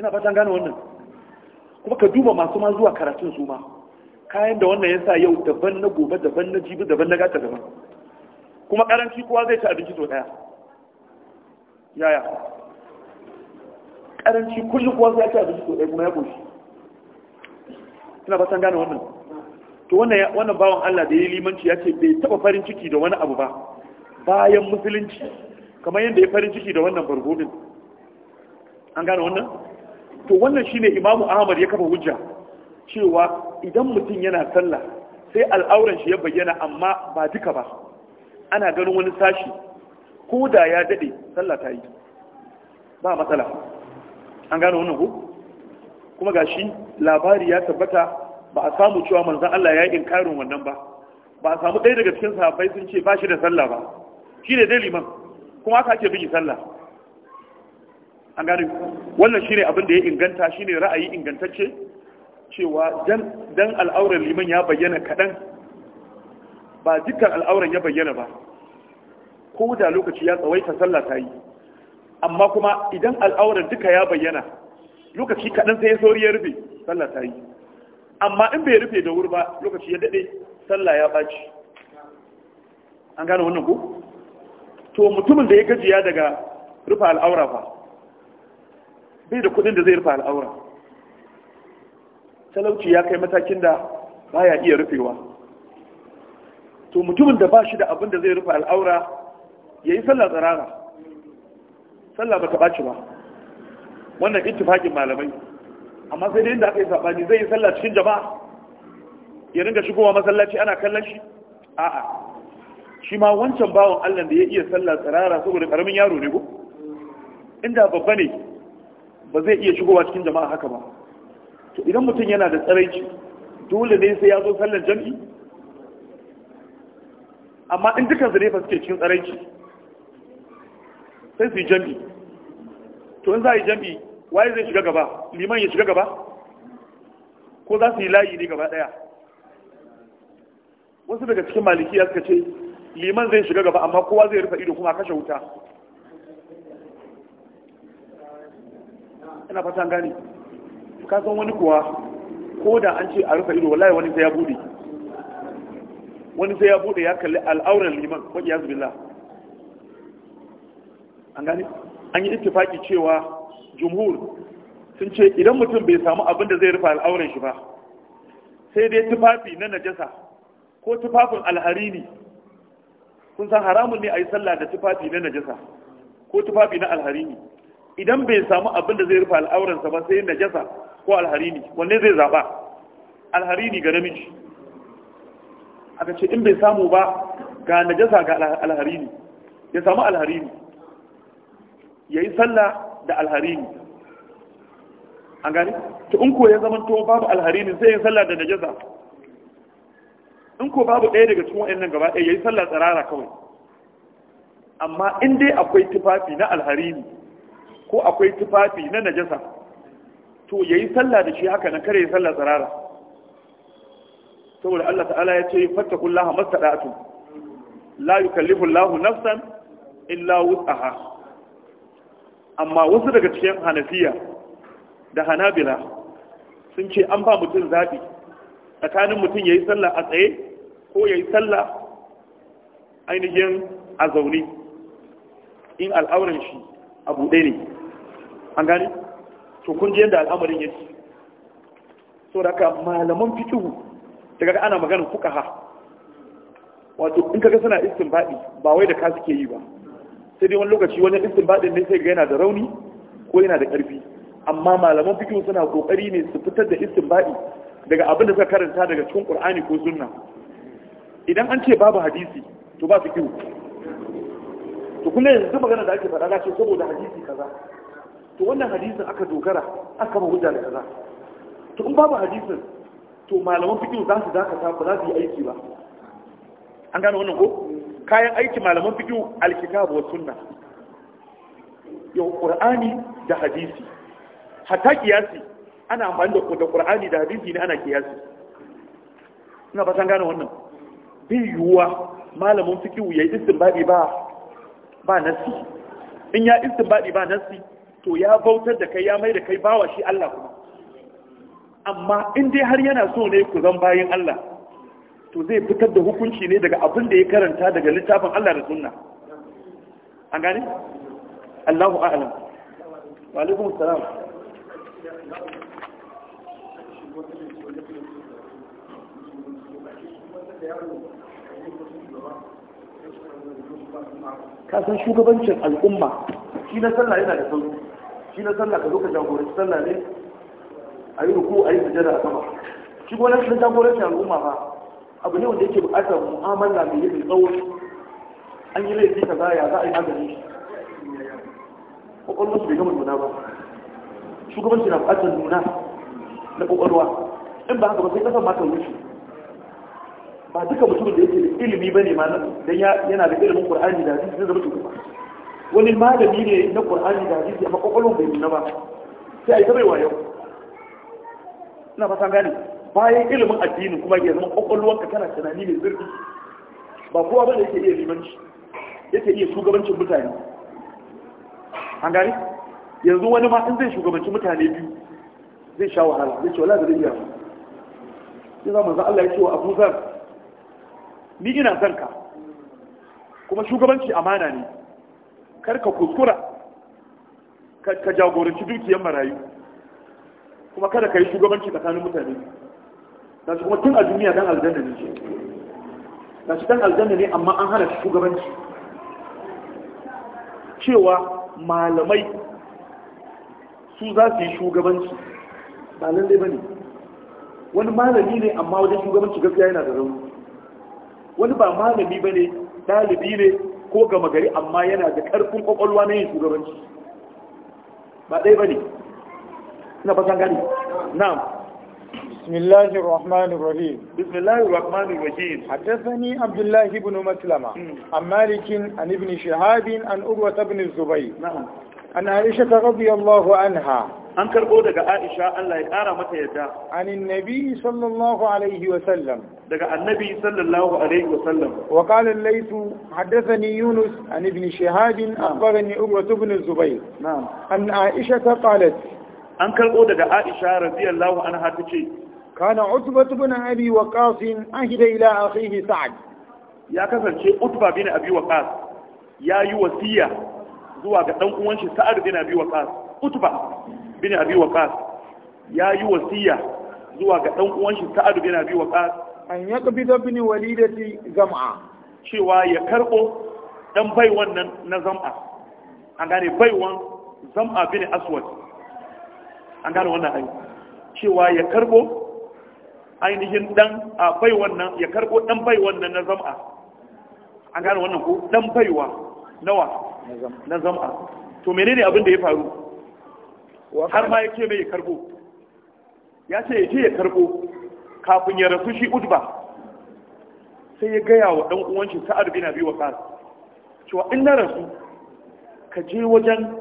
ina fatan gane wannan kuma ka duba masu ma zuwa karatun su ma kayan da wannan yasa yau daban na gobe daban na jibi daban na gata daban kuma karanci kowa zai ci abinci sau daya yaya karanci kullum kowa zai ci abinci sau daya kuma ya goshi suna ba san gane wannan to wannan wannan bawan Allah da yayi limanci ya ce bai taba farin ciki da wani abu ba bayan musulunci kamar yadda ya farin ciki da wannan bargo an gane wannan to wannan shine Imam Ahmad ya kafa hujja cewa idan mutum yana sallah sai al'auran shi ya bayyana amma ba duka ba ana ganin wani sashi ko da ya dade sallah ta yi ba matsala an gane wannan ko kuma ga shi labari ya tabbata ba a samu cewa manzan Allah ya yi inkarin wannan ba ba a samu ɗaya daga cikin sahabbai sun ce ba shi da sallah ba shi ne dai liman kuma aka ake bin sallah an gane wannan ne abin da ya inganta shi ne ra'ayi ingantacce cewa dan al'aurar liman ya bayyana kadan ba dukkan al'aurar ya bayyana ba ko da lokaci ya tsawaita sallah ta yi amma kuma idan al'aurar duka ya bayyana lokaci kaɗan sai ya sauri ya rufe sallah ta yi amma in bai rufe da wuri ba lokaci ya daɗe sallah ya ɓaci an gane wannan ku? to mutumin da ya gajiya daga rufe al'aura fa bai da kudin da zai rufe al'aura talauci ya kai matakin da ba ya iya rufewa to mutumin da ba shi da abin da zai rufe al'aura ya yi sallah tsarara sallah ba ta ɓaci ba wannan ittifakin malamai amma sai dai inda aka yi sabani zai yi sallah cikin jama'a ya ringa shigowa masallaci ana kallon shi a'a shi ma wancan bawon Allah da ya iya sallah tsirara saboda karamin yaro ne ko inda babba ne ba zai iya shigowa cikin jama'a haka ba to idan mutum yana da tsaraici dole ne sai ya zo sallar jam'i amma in dukan su ne fa suke cikin tsaraici sai su yi jami'i to in za a yi jam'i waye zai shiga gaba liman ya shiga gaba ko za su yi layi ne gaba daya wasu daga cikin malikiya suka ce liman zai shiga gaba amma kowa zai rufe ido kuma kashe wuta ina fata gane ka san wani kuwa ko da an ce a rufe ido wallahi wani sai ya bude wani sai ya bude ya kalli al'auran liman wajen ya billah an gane an yi ittifaki cewa jumhur sun ce idan mutum bai samu abin da zai rufe al'auren shi ba sai dai tufafi na najasa ko tufafin alharini kun san haramun ne a yi sallah da tufafi na najasa ko tufafi na alharini idan bai samu abin da zai rufe al'auransa ba sai najasa ko alharini wanne zai zaɓa alharini ga namiji aka ce in bai samu ba ga najasa ga alharini ya samu alharini ya yi sallah da alharini an gani to in ko ya zama to babu alharini zai yi sallah da najasa in ko babu ɗaya daga cikin waɗannan gaba ɗaya yayi sallah tsirara kawai amma in dai akwai tufafi na alharini ko akwai tufafi na najasa to yayi sallah da shi haka nan kare ya sallah tsirara saboda Allah ta'ala ya ce fattakullaha mastada'atu la yukallifu Allahu nafsan illa wus'aha amma wasu daga cikin hanafiya da hanabila sun ce an ba mutum zaɓi tsakanin mutum ya yi sallah a tsaye ko ya yi sallah ainihin a zaune in al'auran shi a buɗe ne an gani to kun ji yadda al'amarin yake so da ka malaman fikihu daga ana maganin fukaha wato in kaga suna istin baɗi ba wai da ka suke yi ba sai dai wani lokaci wani istinbadin ne sai ga yana da rauni ko yana da ƙarfi amma malaman fikin suna ƙoƙari ne su fitar da istinbadi daga abin da suka karanta daga cikin ƙur'ani ko sunna idan an ce babu hadisi to ba fikin to kuma yanzu magana da ake faɗa ce saboda hadisi kaza to wannan hadisin aka dogara aka ba hujja da kaza to in babu hadisin to malaman fikin za su dakata ba za su yi aiki ba an gane wannan ko kayan aiki malaman fiqh alkitabu wa sunna yau qur'ani da hadisi hatta kiyasi ana amfani da da qur'ani da hadisi ne ana kiyasi ina fatan gane wannan bi yuwa malamin ya yi istinbadi ba ba nasi in ya istinbadi ba nasi to ya bautar da kai ya mai da kai bawa shi Allah kuma amma in dai har yana so ne ku zan bayin Allah to zai fitar da hukunci ne daga abin da ya karanta daga littafin Allah da sunna an gane Allahu a'lam wa alaikum salam ka san shugabancin al'umma shi na sallah yana da sauri shi na sallah ka zo ka jagoranci sallah ne a yi ruku a yi sujada a sama shi gwanar shi jagoranci al'umma ba abu ne wanda yake bukatar mu'amala mai yi mai tsawo an yi laifi ka ya za a yi magani shi kwakwalwarsu bai gama nuna ba shugabanci na bukatar nuna na kwakwalwa in ba haka ba sai kasar mata wuce ba duka mutumin da yake da ilimi ba ne ma dan yana da ilimin qur'ani da hadisi zai zama shugaba wani malami ne na qur'ani da hadisi amma kwakwalwa bai nuna ba sai a yi ta bai yau ina fata gane bayan ilimin addini kuma ya zama kwakwalwarka tana tunani mai zurfi ba kowa ba da yake iya limanci yake iya shugabancin mutane an gani yanzu wani ma in zai shugabancin mutane biyu zai sha wahala zai ce wala da zai ya zama za Allah ya ce wa Abu Zar ni ina zan ka kuma shugabanci amana ne kar ka kuskura ka jagoranci dukiyar marayu kuma kada ka yi shugabanci tsakanin mutane gashi kuma tun a duniya dan aljanna ne shi gashi dan aljanna ne amma an hana shugabanci cewa malamai su za su yi shugabanci ba nan dai bane wani malami ne amma wajen shugabanci gaskiya yana da rauni wani ba malami bane dalibi ne ko gama gari amma yana da karfin ƙwaƙwalwa na yin shugabanci ba ɗaya bane ina fatan gani na'am بسم الله الرحمن الرحيم بسم الله الرحمن الرحيم حدثني عبد الله بن مسلمة عن مالك عن ابن شهاب عن أروة بن الزبير نعم عن عائشة رضي الله عنها an karbo daga Aisha Allah ya ƙara mata yadda anin nabi sallallahu alaihi wa sallam daga annabi sallallahu alaihi wa sallam wa qala al-laythu Yunus an ibn Shihab akhbarani Urwa ibn Zubayr na'am an Aisha qalat an karbo daga Aisha radiyallahu anha tace kana utba ibn abi waqas ahida ila akhihi sa'd ya kasance utba bin abi waqas ya yi wasiya zuwa ga dan uwan shi sa'ad bin abi waqas utba bin abi waqas ya yi wasiya zuwa ga dan uwan shi sa'ad bin abi waqas an yaqbida bin walidati zam'a cewa ya karbo dan bai wannan na zam'a an gane baiwan zam'a bin aswad an gane wannan ayi cewa ya karbo ainihin dan a bai wannan ya karbo dan bai wannan na zam'a an gane wannan ko dan baiwa nawa na zam'a to menene abin da ya faru har ma yake mai ya karbo ya ce ya je ya karbo kafin ya rasu shi udba sai ya gaya wa dan uwan shi sa'ad bin abi waqas cewa in na rasu ka je wajen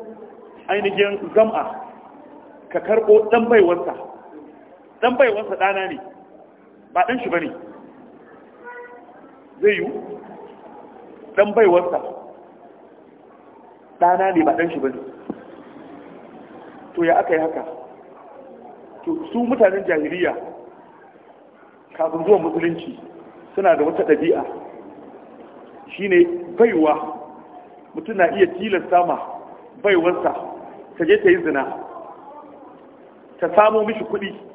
ainihin zam'a ka karbo dan baiwarsa dan baiwarsa dana ne ba ɗan shi ba ne zai yi ɗan baiwarsa ɗana ne ba ɗan shi ba ne to ya aka yi haka to su mutanen jahiliya kafin zuwa musulunci suna da wata ɗabi'a shine baiwa mutum na iya tilasta ma baiwarsa ta je ta yi zina ta samo mishi kuɗi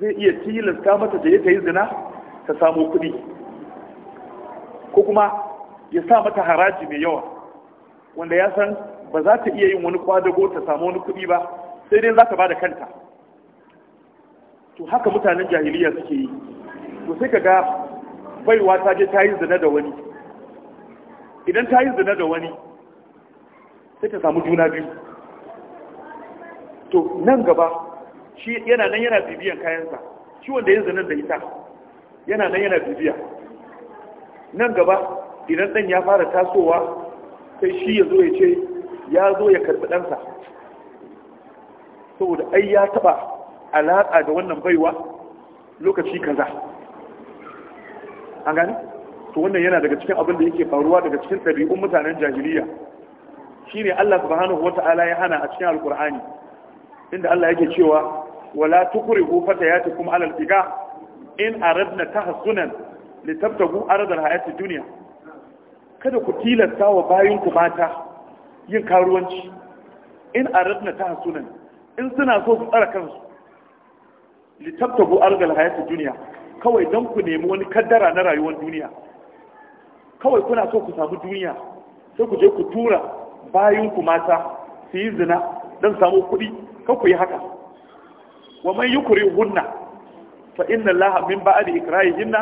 zai iya tilasta mata da ya ta yi zina ta samu kuɗi ko kuma ya sa mata haraji mai yawa wanda ya san ba za ta iya yin wani kwadago ta samu wani kuɗi ba sai dai za ta ba da kanta to haka mutanen jahiliya suke yi to sai ka ga baiwa ta je ta yi zina da wani idan ta yi zina da wani sai ta samu juna biyu to nan gaba shi yana nan yana bibiyan kayansa shi wanda ya zanen da ita yana nan yana bibiya nan gaba idan dan ya fara tasowa sai shi ya zo ya ce ya zo ya karɓi ɗansa saboda ai ya taɓa alaƙa da wannan baiwa lokaci kaza an gani to wannan yana daga cikin abin da yake faruwa daga cikin ɗabi'un mutanen jahiliya shi ne Allah subhanahu wata'ala ya hana a cikin alkur'ani inda Allah yake cewa wala tukrihu fatayatikum kuma al-tiga in aradna hasunan litabtagu arad al-hayati duniya, kada ku tilasta wa bayanku mata yin karuwanci in aradna hasunan, in suna so su tsara kansu litabtagu arad al-hayati duniya, kawai don ku nemi wani kaddara na rayuwar duniya kawai kuna so ku samu duniya sai ku je ku tura bayanku mata su yi zina don samu kuɗi kan ku yi haka wa man yukrihunna fa inna allaha min ba'di ikrahihinna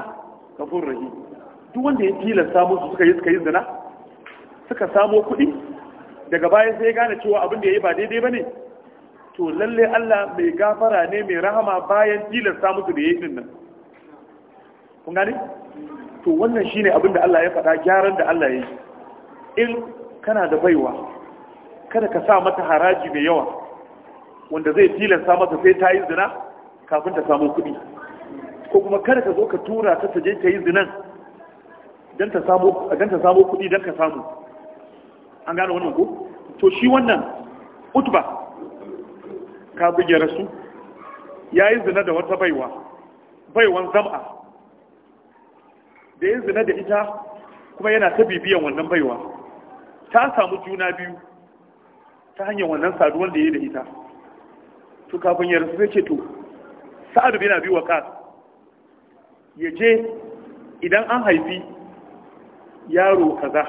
rahim duk wanda ya tilasta musu suka yi suka yi zina suka samo kuɗi daga baya sai ya gane cewa abin da yayi ba daidai bane to lalle Allah mai gafara ne mai rahama bayan tilasta musu da yayi nan kun gane to wannan shine abin da Allah ya faɗa gyaran da Allah ya yi in kana da baiwa kada ka sa mata haraji mai yawa wanda zai tilasta masa sai ta yi zina kafin ta samu kuɗi ko kuma kada ka zo ka tura ta taje ta yi zinan don ta samu kuɗi don ka samu an gane wannan ko to shi wannan utba ka ya rasu ya yi zina da wata baiwa baiwan zam'a da ya zina da ita kuma yana ta bibiyan wannan baiwa ta samu juna biyu ta hanyar wannan saduwar da ya yi da ita to kafin ya rasu sai ce to sa'adu bin abi waqas ya je idan an haifi yaro kaza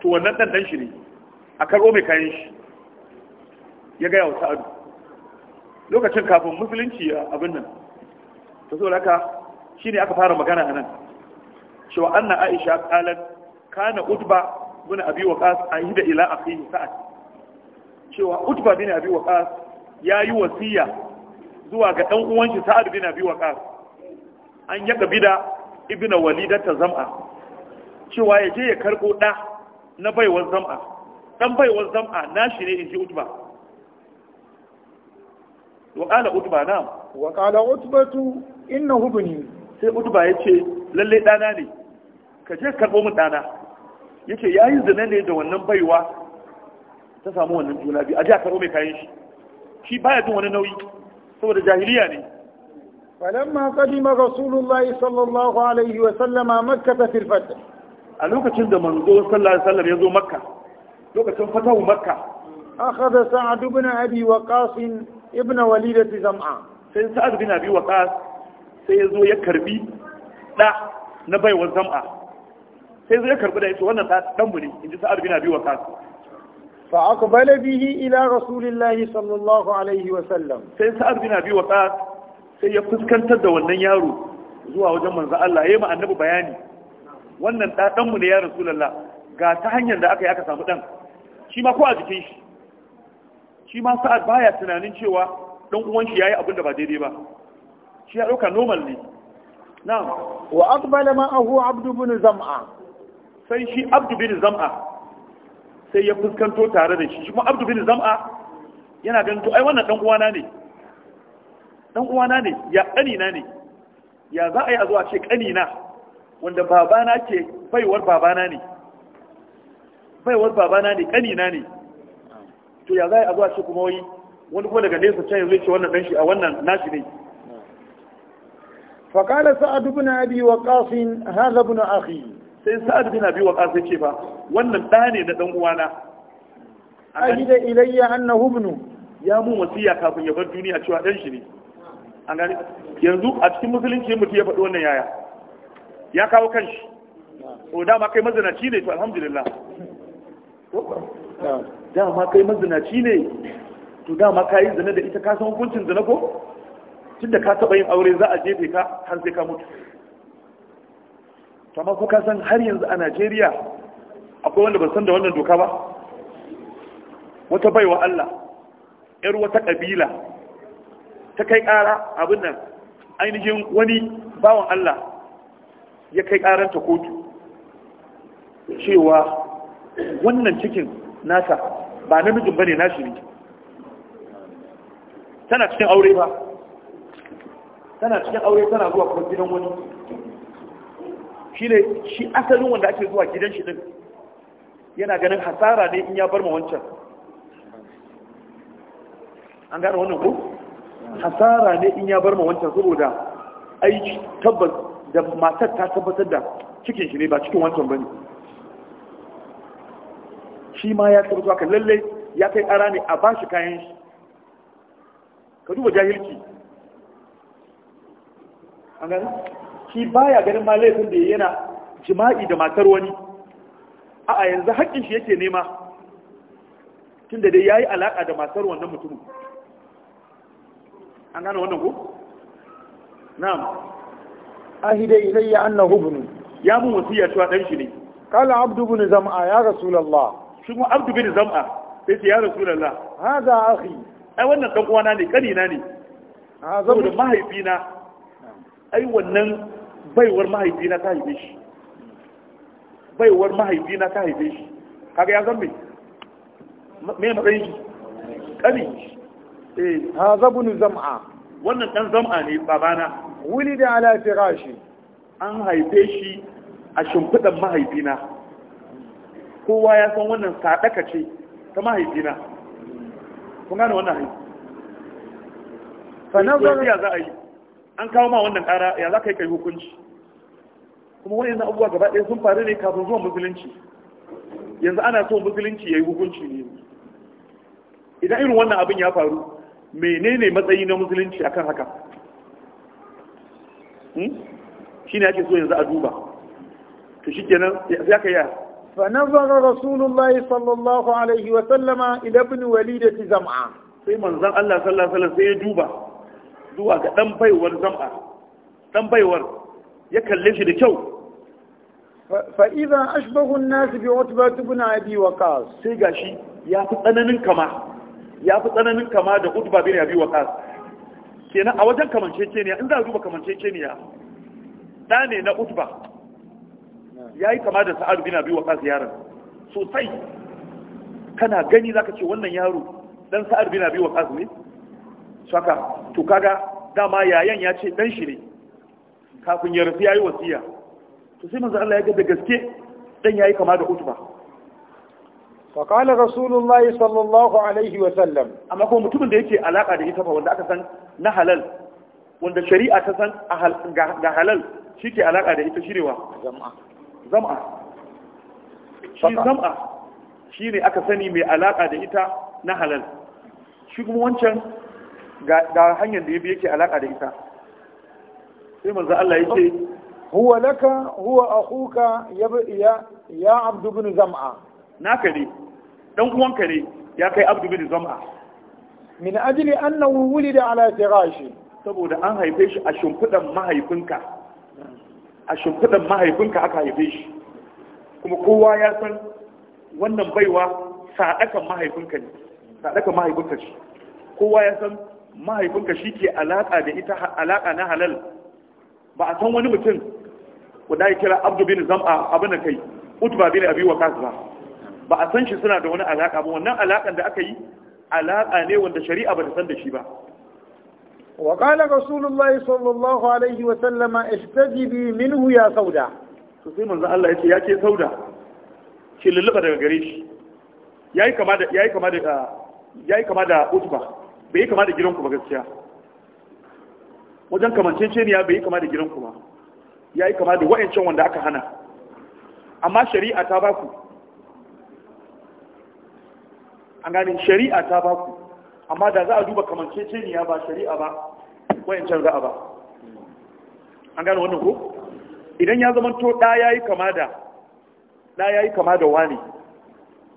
to wannan dan dan shi ne a karo mai kayan shi ya gaya wa sa'adu lokacin kafin musulunci a abin nan ta so shi shine aka fara magana a nan cewa anna aisha qalat kana utba bin abi waqas ahida ila akhihi sa'ad cewa utba bin abi waqas ya yi wasiya zuwa ga ɗan uwanshi sa'ad bin abi waqas an yaka bida ibnu walidata zam'a cewa ya je ya karɓo ɗa na baiwar zam'a ɗan baiwar zam'a nashi ne inji utba wa qala utba na wa qala utbatu innahu ibni sai utba yace lalle ɗana ne ka je karɓo mu ɗana yace yi zina ne da wannan baiwa ta samu wannan juna biyu a ji a karɓo mai kayan shi shi baya jin wani nauyi saboda jahiliya ne falamma qadima rasulullahi sallallahu alaihi wa sallama makkah fil fath a lokacin da manzo sallallahu alaihi wasallam ya zo makka lokacin fatahu makka akhadha sa'd ibn abi waqas ibn walidati zam'a sai sa'd ibn abi waqas sai ya zo ya karbi da na baiwar zam'a sai zo ya karbi da yace wannan dan mu ne inji sa'd ibn abi waqas فأقبل به إلى رسول الله صلى الله عليه وسلم سيسأل بن أبي وقاص fuskantar da wannan yaro zuwa wajen manzo Allah yayi ma annabi bayani wannan da dan mu ne ya rasulullah ga ta hanyar da aka yi aka samu dan shi ma ko a jikin shi shi ma sa'ad baya tunanin cewa dan uwan shi yayi abin da ba daidai ba shi ya dauka normal ne na'am wa aqbala ma'ahu abdu bin zam'a sai shi abdu bin zam'a sai ya fuskanto tare da shi kuma abdu bin zam'a yana ganin to ai wannan dan uwana ne dan uwana ne ya na ne ya za a yi a zuwa ce na wanda babana ce baiwar babana ne baiwar babana ne na ne to ya za a yi a zuwa ce kuma wai wani kuma daga nesa can yanzu ce wannan dan shi a wannan nashi ne qala sa'ad ibn abi waqas hadha ibn akhi sai sa'ad bin abi wa ya ce fa wannan da ne na dan uwana ajida ilayya annahu ibnu ya mu wasiya kafin ya bar duniya cewa dan shi ne an gani yanzu a cikin musulunci mutum ya faɗi wannan yaya ya kawo kanshi o dama kai mazinaci ne to alhamdulillah dama kai mazinaci ne to dama kai yi zina da ita ka san hukuncin zina ko tunda ka taɓa yin aure za a jefe ka har sai ka mutu amma kuka san har yanzu a Najeriya akwai wanda ba san da wannan doka ba wata baiwa Allah yar wata kabila ta kai ƙara abin nan ainihin wani bawan Allah ya kai ƙaranta kotu cewa wannan cikin nasa ba namijin bane nashi ne tana cikin aure ba tana cikin aure tana zuwa kuma gidan wani Shi ne shi asalin wanda ake zuwa gidan shi din yana ganin hasara ne in ya bar ma wancan an gano wannan ko hasara ne in ya bar ma wancan saboda ai tabbas da matar ta tabbatar da cikin shi ne ba cikin wancan bane shi ma ya tabbatar ka lalle ya kai ƙara ne a bashi kayan shi ka duba jahilci an gano. shi baya ganin ma laifin da yana jima'i da matar wani a yanzu haƙƙin shi yake nema tunda dai ya yi alaƙa da matar wannan mutumin an gane wannan ku? na'am ahida ilayya annahu ibn ya mun wasiya cewa dan shi ne Kala abdu bin zam'a ya rasulallah. shi mu abdu bin zam'a sai ce ya Ha za a ahi ai wannan dan uwana ne kani na ne saboda mahaifina ai wannan baiwar mahaifina ta haife shi baiwar mahaifina ta haife shi kaga ya zambe me matsayin shi kani eh ha zabun zam'a wannan dan zam'a ne babana wulida ala firashi an haife shi a shimfidan mahaifina kowa ya san wannan sadaka ce ta mahaifina kun gane wannan haifi fa nazar za a yi an kawo ma wannan ƙara ya za ka yi kai hukunci kuma wani yanzu abubuwa gaba ɗaya sun faru ne kafin zuwan musulunci yanzu ana so musulunci ya yi hukunci ne idan irin wannan abin ya faru menene matsayi na musulunci akan haka hmm? shi ne ake so yanzu a duba to shi kenan ya ka yi فنظر رسول الله صلى الله عليه وسلم إلى ابن وليدة زمعة sai manzon Allah sallallahu alaihi wasallam sai ya duba zuwa ga dan baiwar zam'a dan baiwar ya kalle shi da kyau fa idza ashbahu an-nas bi utba ibn abi waqas sai gashi ya fi tsananin kama ya fi tsananin kama da utba bin abi waqas kenan a wajen kamanceceniya in za a duba kamanceceniya da ne na utba yayi kama da sa'ad bin abi waqas yaron sosai kana gani zaka ce wannan yaro dan sa'ad bin abi waqas ne saka to kaga dama yayan ya ce dan shi ne kafin ya rasu yayi wasiya to sai manzo Allah ya ga da gaske dan yayi kama da utba fa qala rasulullahi sallallahu alaihi wa sallam amma ko mutumin da yake alaka da ita fa wanda aka san na halal wanda shari'a ta san ga halal shi ke alaka da ita shirewa zam'a zam'a shi zam'a shi ne aka sani mai alaka da ita na halal shi kuma wancan ga hanyar da ya biye ke alaƙa da ita sai manzan Allah ya ce huwa laka huwa akhuka ya ya abdu ibn zam'a Na kare. dan uwanka ne ya kai abdu zam'a min na wuli da ala firashi saboda an haife shi a shimfidan mahaifinka a shimfidan mahaifinka aka haife shi kuma kowa ya san wannan baiwa sadakan mahaifinka ne sadakan mahaifinka shi kowa ya san mahaifinka shi ke alaƙa da ita alaƙa na halal ba a san wani mutum wanda ya kira abdu bin zam'a abu na kai utba bin abi kasu ba ba a san shi suna da wani alaƙa ba wannan alaƙan da aka yi alaƙa ne wanda shari'a ba ta san da shi ba wa qala rasulullahi sallallahu alaihi wa sallama istajibi minhu ya sauda to sai manzo Allah yace ya ce sauda ki lulluba daga gare shi yayi kama da yayi kama da yayi kama da utba bai kama da gidanku ba gaskiya wajen kamanceceniya bai kama da gidanku ba ya yi kama da wa'ancan wanda aka hana amma shari'a ta baku an gane shari'a ta baku amma da za a duba kamanceceniya ba shari'a ba wa'ancan za a ba an gane wannan ko idan ya zama to ɗa ya yi kama da ɗa ya yi kama da wani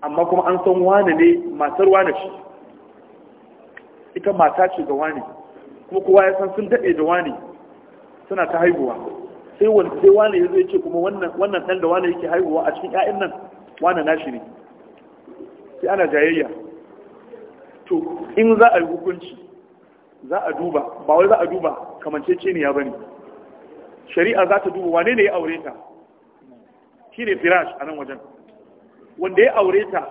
amma kuma an san wani ne matar wani shi ita mata ce gawa wani kuma kowa ya san sun daɗe da wani suna ta haihuwa sai wani sai wani ya zai ce kuma wannan ɗan da wani yake haihuwa a cikin 'ya'yan nan wani nashi ne sai ana jayayya to in za a yi hukunci za a duba ba wai za a duba kamanceceniya ba ne shari'a za ta duba wane ne ya aure ta shi ne firash a nan wajen wanda ya aure ta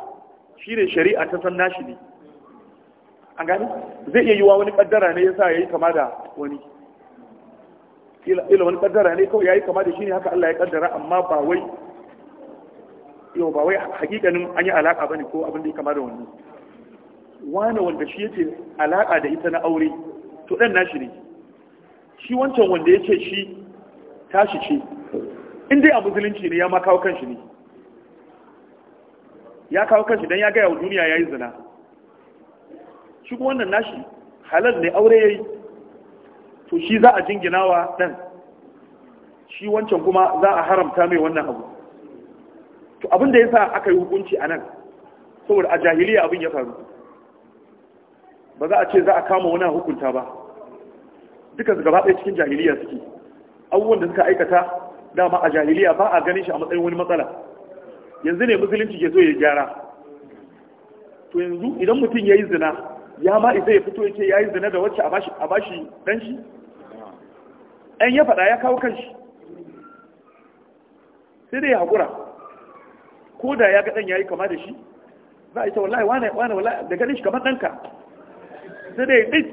shi ne shari'a ta san nashi ne an gani zai iya yiwa wani kaddara ne ya sa ya yi kama da wani ila wani kaddara ne kawai yi kama da shi ne haka Allah ya kaddara amma ba wai yau ba wai hakikanin an yi alaka ne ko abin da ya kama da wani wani wanda shi yake alaka da ita na aure to dan nashi ne shi wancan wanda ya ce shi tashi ce in dai a musulunci ne ya ma kawo kanshi ne ya kawo kanshi don ya gaya wa duniya ya yi zina shi kuma wannan nashi halal ne aure yayi to shi za a jinginawa dan shi wancan kuma za a haramta mai wannan abu to abin da yasa aka yi hukunci anan saboda a jahiliya abin ya faru ba za a ce za a kama wani hukunta ba duka gaba ɗaya cikin jahiliya suke abubuwan da suka aikata dama a jahiliya ba a ganin shi a matsayin wani matsala yanzu ne musulunci ke so ya gyara to yanzu idan mutum ya yi zina ya ma izai ya fito yake yayi zina da wacce a bashi dan shi an ya faɗa ya kawo kanshi sai dai ya haƙura ko da ya ga ɗan ya yi kama da shi za a yi ta wallahi wane wane wallahi da ganin shi kamar ɗanka sai dai ɗin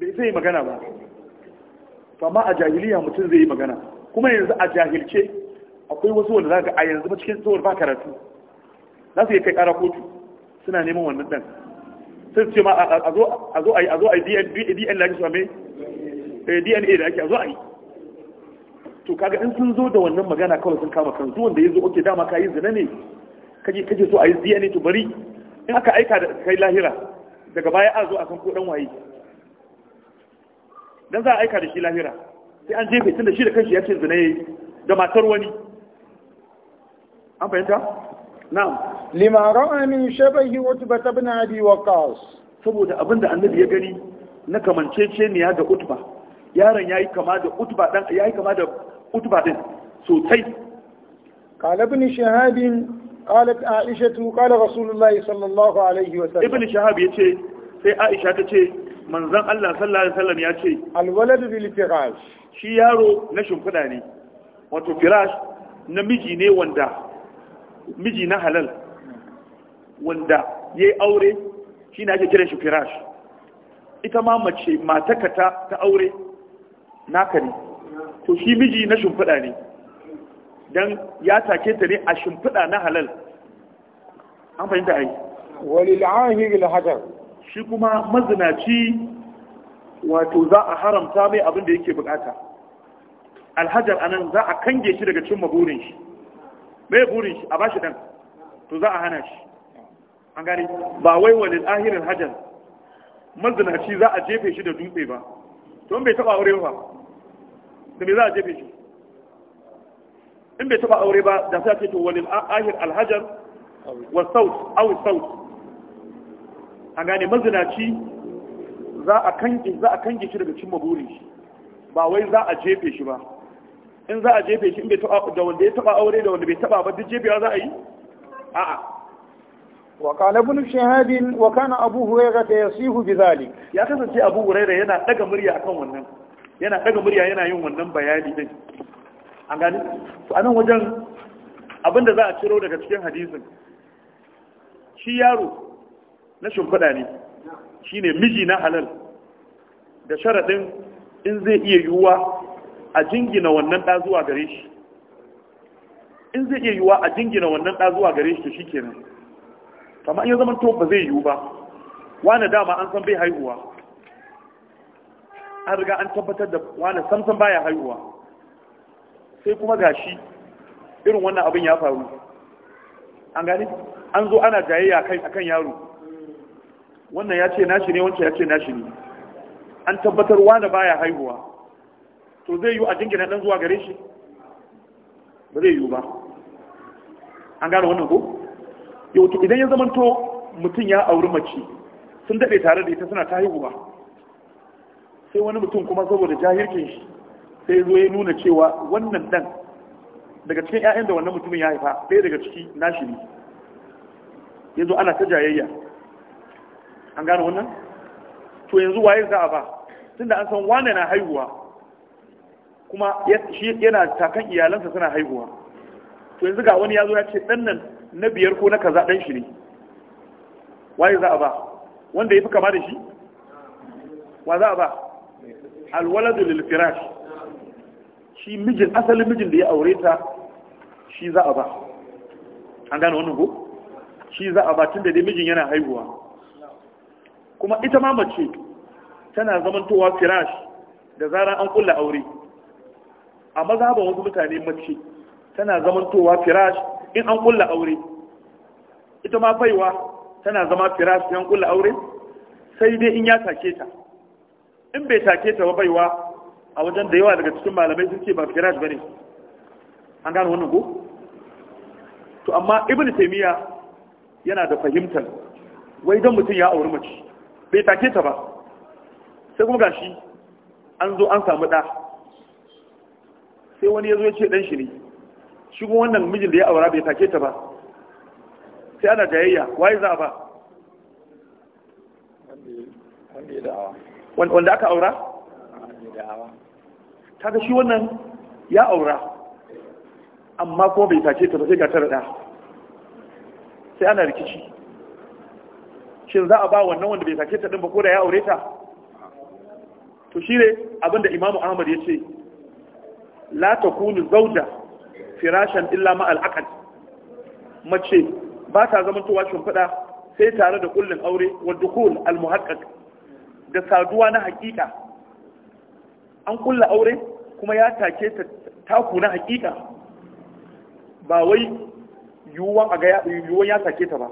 bai sai yi magana ba fama a jahiliya mutum zai yi magana kuma yanzu a jahilce akwai wasu wanda zaka a yanzu ba cikin tsohon ba karatu za su iya kai ƙara kotu suna neman wannan ɗan sai su ce ma a zo a yi a zo a yi dna da ake su ame eh, dna da ake a zo a yi to kaga in sun zo da wannan magana kawai sun kama kan zuwan da ya zo oke dama ka yi zina ne kaje kaje so a yi dna to bari in aka aika da kai lahira daga baya a zo a san ko dan waye dan za a aika da shi lahira sai an jefe tun da shi da kanshi ya ce zina ya yi da matar wani an fahimta na'am lima ra'a min shabahi utba ibn abi waqas saboda abinda annabi ya gani na kamanceceniya da utba yaron yayi kama da utba dan yayi kama da utba din sosai qala ibn shahab قالت عائشة قال رسول الله صلى الله عليه وسلم ابن شهاب يتي سي عائشة تتي من ذن الله صلى الله عليه وسلم يتي الولد بالفراش شي يارو نشم فداني وتو namiji ne wanda miji na halal. wanda ya yi aure shi na ake kiran shi firash ita ma mace matakata ta aure naka ne to shi miji na shimfiɗa ne don ya take ta ne a shimfiɗa na halal an fahimta ai walil'ahi ilhajar shi kuma mazinaci wato za a haramta mai abin da yake bukata alhajar anan za a kange shi daga cin burin shi mai burin shi a bashi dan to za a hana shi an gani ba wai walil ahirin hajjar mazinaci za a jefe shi da dutse ba to in bai taba aure ba da me za a jefe shi in bai taba aure ba da sai ce to wani ahir alhajjar wa saut Awi saut an gani mazinaci za a kanki za a kange shi daga cimma buri, shi ba wai za a jefe shi ba in za a jefe shi in bai taba da wanda ya taba aure da wanda bai taba ba duk jefewa za a yi a'a وقال ابن شهاب وكان ابو هريره يصيح بذلك يا كسر ابو هريره yana daga murya مريا wannan yana daga murya yana yin wannan bayani din an gani to anan wajen abin da za a ciro daga cikin hadisin shi yaro na shimfiɗa ne shi ne miji na halal da sharaɗin in zai iya yiwuwa a jingina wannan da zuwa gare shi in zai iya yiwuwa a jingina wannan da zuwa gare shi to shi kenan amma in ya zama to ba zai yiwu ba wani dama an san bai haihuwa an riga an tabbatar da wani samsan baya haihuwa sai kuma gashi irin wannan abin ya faru an gani an zo ana jayayya kai akan yaro wannan ya ce nashi ne wancan ya ce nashi ne an tabbatar wani baya haihuwa to zai yiwu a jingina dan zuwa gare shi ba zai yiwu ba an gane wannan ko yau idan ya to mutum ya auri mace sun daɗe tare da ita suna ta haihuwa sai wani mutum kuma saboda jahirkin shi sai zo ya nuna cewa wannan dan daga cikin 'ya'yan da wannan mutumin ya haifa ɗaya daga ciki nashi ne ya zo ana ta jayayya an gano wannan to yanzu waye za a ba tunda an san wane na haihuwa kuma shi yana takan iyalansa suna haihuwa to yanzu ga wani ya zo ya ce ɗan nan na biyar ko na kaza dan shi ne waye za a ba wanda yafi kama da shi wa za a ba alwaladu lil firash shi mijin asalin mijin da ya aure ta shi za a ba an gane wannan ko shi za a ba tunda dai mijin yana haihuwa kuma ita ma mace tana zamantowa firash da zarar an kulla aure a mazhaban wasu mutane mace tana zamantowa firash in an kulla aure ita ma baiwa tana zama firas in an kulla aure sai dai in ya take ta in bai take ta ba baiwa a wajen da yawa daga cikin malamai sun ce ba firas bane an gano wannan ko to amma ibn taymiya yana da fahimtar wai dan mutum ya auri mace bai take ta ba sai kuma gashi an zo an samu da sai wani ya zo ya ce dan shi ne shi kuma wannan mijin da ya aura bai take ta ba sai ana jayayya waye za a ba wanda aka aura Ta ga shi wannan ya aura amma kuma bai take ta ba sai ga tara da sai ana rikici shi za a ba wannan wanda bai take ta din ba ko da ya aure ta to shi ne abinda imamu ahmad ya ce la kuni zauja firashan illa ma al'aqad mace ba ta zama tuwa shimfiɗa sai tare da kullum aure wa dukhul al muhaqqaq da saduwa na hakika an kulla aure kuma ya take ta taku na hakika ba wai yuwan a ga yuwan ya take ta ba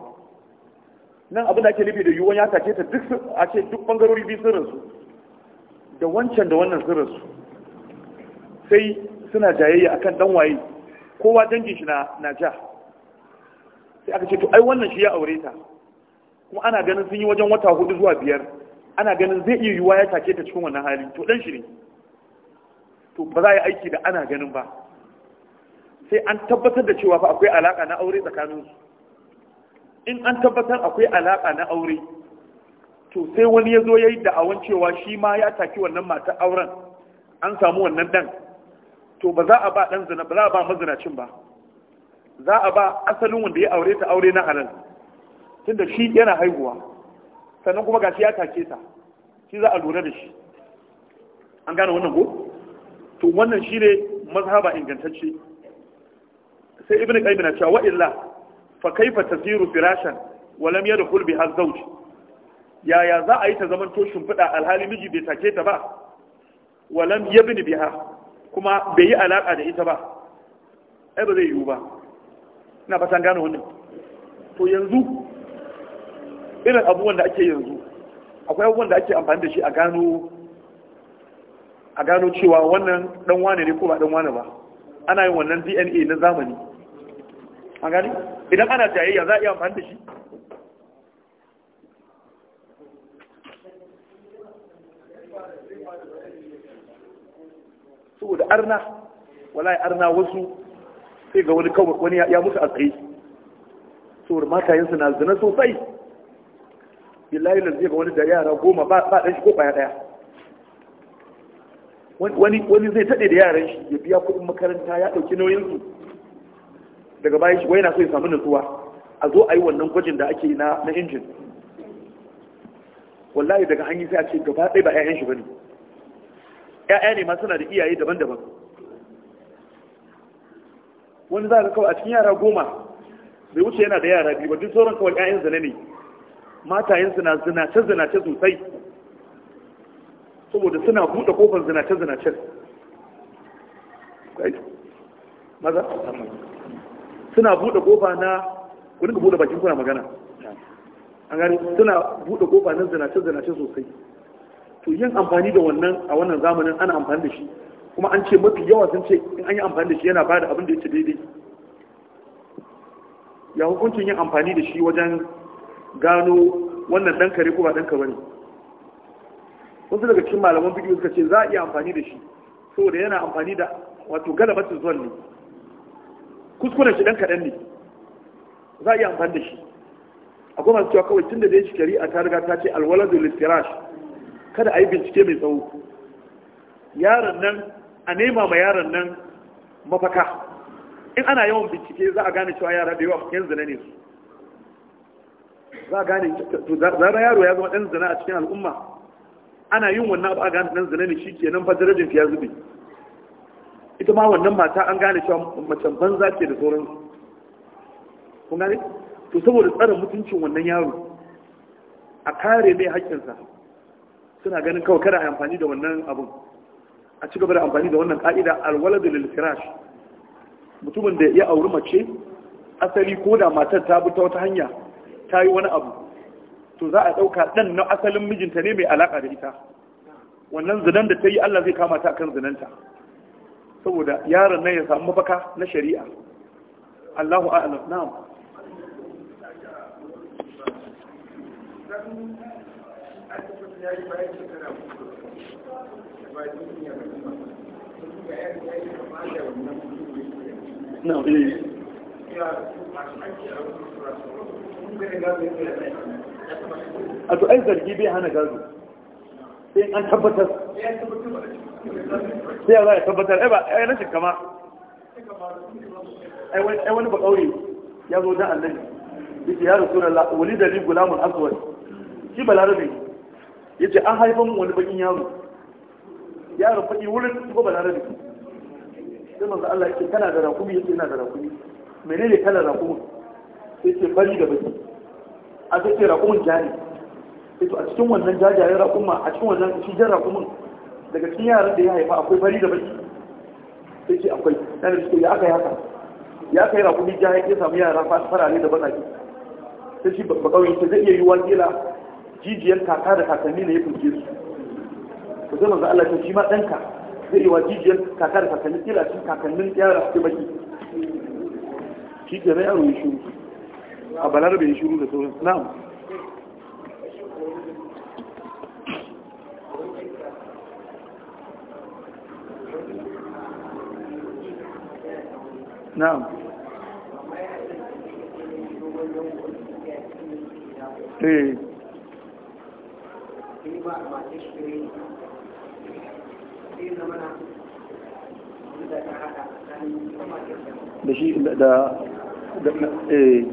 nan abin da ake nufi da yuwan ya take ta duk a ce duk bangarori biyu sirrin su da wancan da wannan sirrin su sai suna jayayya akan dan waye kowa dangin shi na ja sai aka ce to ai wannan shi ya aure ta kuma ana ganin sun yi wajen wata hudu zuwa biyar ana ganin zai iya yiwuwa ya take ta cikin wannan hali to dan shi ne to ba za a yi aiki da ana ganin ba sai an tabbatar da cewa fa akwai alaka na aure tsakanin su in an tabbatar akwai alaka na aure to sai wani ya zo ya yi da'awan cewa shi ma ya take wannan matar auren an samu wannan dan to ba za a ba dan zina ba za a ba mazinacin ba za a ba asalin wanda ya aure ta aure na halal tunda shi yana haihuwa sannan kuma gashi ya take ta shi za a lura da shi an gane wannan ko to wannan shi ne mazhaba ingantacce sai ibn qayyim na cewa wa illa fa kaifa tasiru firashan wa lam yadkhul biha zawj ya yaya za a yi ta zaman to shimfida alhali miji bai take ta ba wa lam yabni biha kuma bai yi alaƙa da ita ba ai ba zai yiwu ba ina fatan gane wannan to yanzu irin abubuwan da ake yanzu akwai abubuwan da ake amfani da shi a gano a gano cewa wannan ɗan wane ne ko ba ɗan wane ba ana yin wannan dna na zamani an gani idan ana jayayya za a iya amfani da shi saboda arna wallahi arna wasu sai ga wani kawai wani ya mutu a saboda matayensu na zina sosai billahi lalzai ga wani da yara goma ba ɗan shi ko ɓaya ɗaya wani zai taɗe da yaran shi ya biya kuɗin makaranta ya ɗauki nauyinsu daga bayan shi wai na so ya samu nutsuwa a zo a yi wannan gwajin da ake na injin wallahi daga hanyar sai a ce gaba ɗaya ba 'ya'yan shi ba ne ƴaƴa ne ma suna da iyaye daban-daban wani za ka kawai a cikin yara goma bai wuce yana da yara biyu ba duk sauran kawai ‘ya’yan zane ne matayen suna zinace zinace sosai saboda suna buɗe kofar zinace zinace maza suna buɗe kofa na ku ka buɗe bakin kuna magana an gani suna buɗe kofa na zinace zinace sosai to yin amfani da wannan a wannan zamanin ana amfani da shi kuma an ce mafi yawa sun ce in an yi amfani da shi yana bada abin da ya ce daidai ya hukuncin yin amfani da shi wajen gano wannan dan kare ko ba dan kare ne wasu daga cikin malaman bidiyo suka ce za a iya amfani da shi saboda yana amfani da wato galabatin zuwan ne kuskuren shi dan kaɗan ne za a iya amfani da shi akwai masu cewa kawai tun da dai shi a ta riga ta ce alwaladu listirash kada a yi bincike mai tsawo yaron nan a nema ma yaron nan mafaka in ana yawan bincike za a gane cewa yara da yawa yan zina ne su za a gane zara yaro ya zama ɗan zina a cikin al'umma ana yin wannan abu a gane dan zina ne shi ke nan fadarajin ya zube ita ma wannan mata an gane cewa macen banza ce da sauran kun gane to saboda tsarin mutuncin wannan yaro a kare mai haƙƙinsa suna ganin kawai kada a amfani da wannan abun a ci gaba da amfani da wannan ka'ida alwaladu lil firash mutumin da ya auri mace asali ko da matar ta bi ta wata hanya ta yi wani abu to za a ɗauka ɗan na asalin mijinta ne mai alaka da ita wannan zinan da ta yi Allah zai kama ta akan zinanta saboda yaron nan ya samu mafaka na shari'a Allahu a'lam na'am A eh. to ai zargi bai hana gado. Sai an tabbatar. Sai ya za a tabbatar. Ai ba, ai rashin shekama Ai wani bakauri ya zo don annabi. Yake ya rasu da wani da gulamun aswad. Shi balarabe ya ce an haifan wani bakin yaro yaro faɗi wurin ko ba da rabi sai manzo Allah ya ce kana da rakumi ya ce ina da rakumi menene kana rakumi sai ce bari da baki a sai ce rakumin jari sai to a cikin wannan jajayen rakumma a cikin wannan shi jan rakumin daga cikin yaran da ya haifa akwai bari da baki sai ce akwai yana da ya aka yaka. ya kai rakumi jahil ya samu yara farare da bakaki sai shi bakawai ce zai iya yi wani jijiyar kaka da kakanni ne ya fulke su ku zama za Allah shi ma ɗanka zai yi wa jijiyar kaka da kakanni kila cikin kakannin yara su baki shi ke na yaro ya shiru a balar ya shiru da sauran na'am na'am eh بعد ما تشتري في زمنا da shi da da eh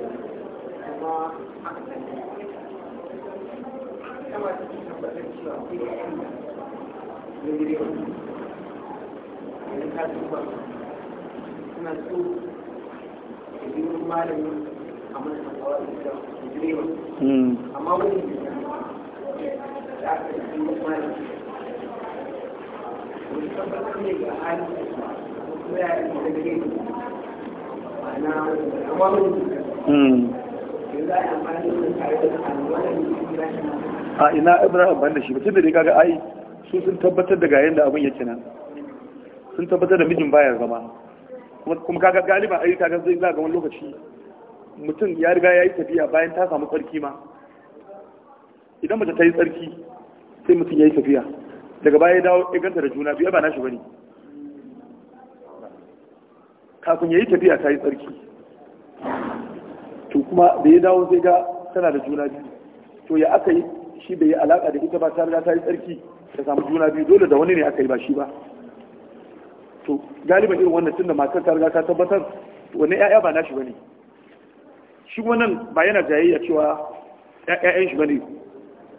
a ina ibrahim ban da shi mutum da ne kaga ai su sun tabbatar da gayen da abin yake nan sun tabbatar da mijin bayar zama kuma kaga galiba ayyuka ga zai ga wani lokaci mutum ya riga ya yi tafiya bayan ta samu tsarki ma idan mace ta yi tsarki sai mutum ya yi tafiya daga baya dawo ya ganta da juna biyu ba na ba bane kafin ya yi tafiya ta yi tsarki to kuma da ya dawo sai ga tana da juna biyu to ya aka yi shi da yi alaka da ita ba ta riga ta yi tsarki ta samu juna biyu dole da wani ne aka yi ba shi ba to galiban irin wannan tunda matar ta riga ta tabbatar wani 'ya'ya ba na ba bane shi wannan ba yana jayayya cewa 'ya'yan shi bane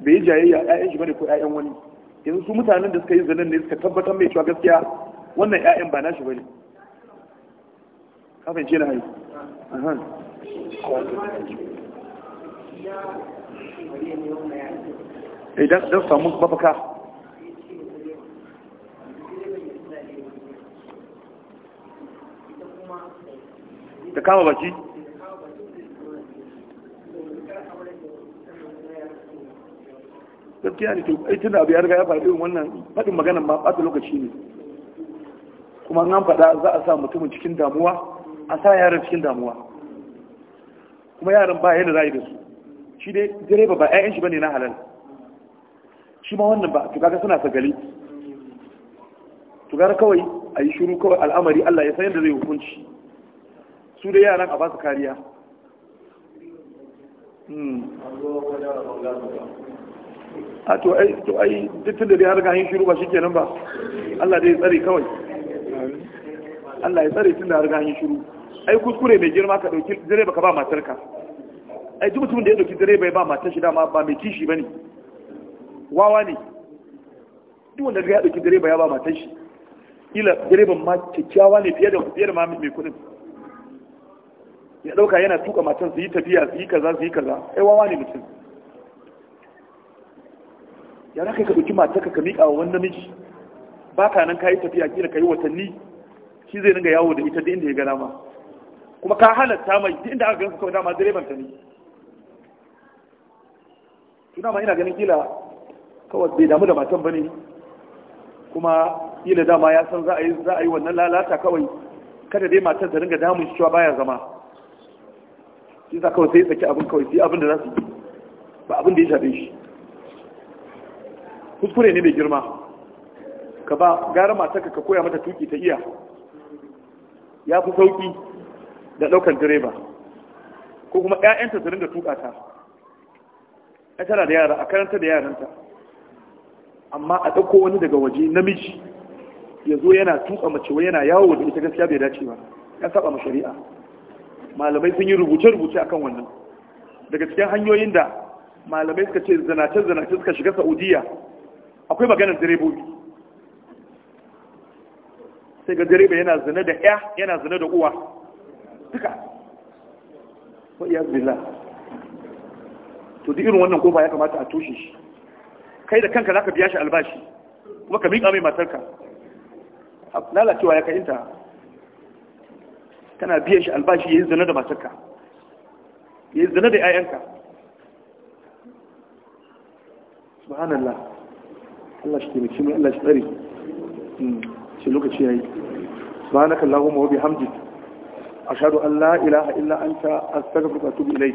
bai yi jayayya ƴaƴan shi bane ko ƴaƴan wani yanzu su mutanen da suka yi zanen ne suka tabbatar mai cewa gaskiya wannan ƴaƴan ba nashi bane kafin ce na hayi idan don samu mafaka ta kama baki gaskiya ne to ai da abu ya riga ya faɗi irin wannan faɗin maganar ma ɓata lokaci ne kuma an faɗa za a sa mutumin cikin damuwa a sa yaran cikin damuwa kuma yaran ba yadda rayu da su shi dai direba ba 'ya'yan shi bane na halal shi ma wannan ba to ga suna sagali to kawai a yi shiru kawai al'amari Allah ya san yadda zai hukunci su dai yaran a ba su kariya hmm. a to ai to ai duk da dai har ga hin shiru ba shikenan ba Allah dai ya tsare kawai Allah ya tsare tunda har ga shiru ai kuskure mai girma ka dauki dare ka ba matarka ai duk mutum da ya dauki dare bai ba matar shi dama ba mai kishi bane wawa ne duk wanda ya dauki dare ya ba matar shi kila direban ma kyakkyawa ne fiye da fiye da ma mai kudin ya dauka yana tuka matan su yi tafiya su yi kaza su yi kaza ai wawa ne mutum ya raka ka ka ɗauki matarka ka miƙa wa wani namiji ba ka nan ka yi tafiya kila ka yi watanni shi zai ringa yawo da ita da inda ya gana ma kuma ka halatta mai duk inda aka su kawai dama direban ta ne tuna ma ina ganin kila kawai bai damu da matan bane kuma kila dama ya san za a yi za a yi wannan lalata kawai kada dai matan ta dinga damun shi cewa baya zama shi za kawai sai saki abin kawai sai abin da za su yi ba abin da ya shafe shi kuskure ne mai girma ka ba gara matarka ka koya mata tuki ta iya ya fi sauki da ɗaukar direba ko kuma 'ya'yanta su da tuka ta ai da yara a karanta da yaranta amma a ɗauko wani daga waje namiji ya zo yana tuka mace wai yana yawo da ita gaskiya bai dace ba ya saba ma shari'a malamai sun yi rubuce-rubuce akan wannan daga cikin hanyoyin da malamai suka ce zanace-zanace suka shiga saudiya akwai maganar direbobi sai ga direba yana zane da ya yana zane da uwa duka wa'iyar zila to duk irin wannan kofa ya kamata a tushe shi kai da kanka zaka biya shi albashi kuma ka miƙa mai matarka lalacewa ya kayinta kana biyan shi albashi yayin zane da matarka yayin zane da 'ya'yanka subhanallah Allah shi taimaki mu Allah shi tsare hmm, shi lokaci yayi subhanaka allahumma wa bihamdik ashhadu an la'ila a illa anta astaghfiruka wa atubu ilai.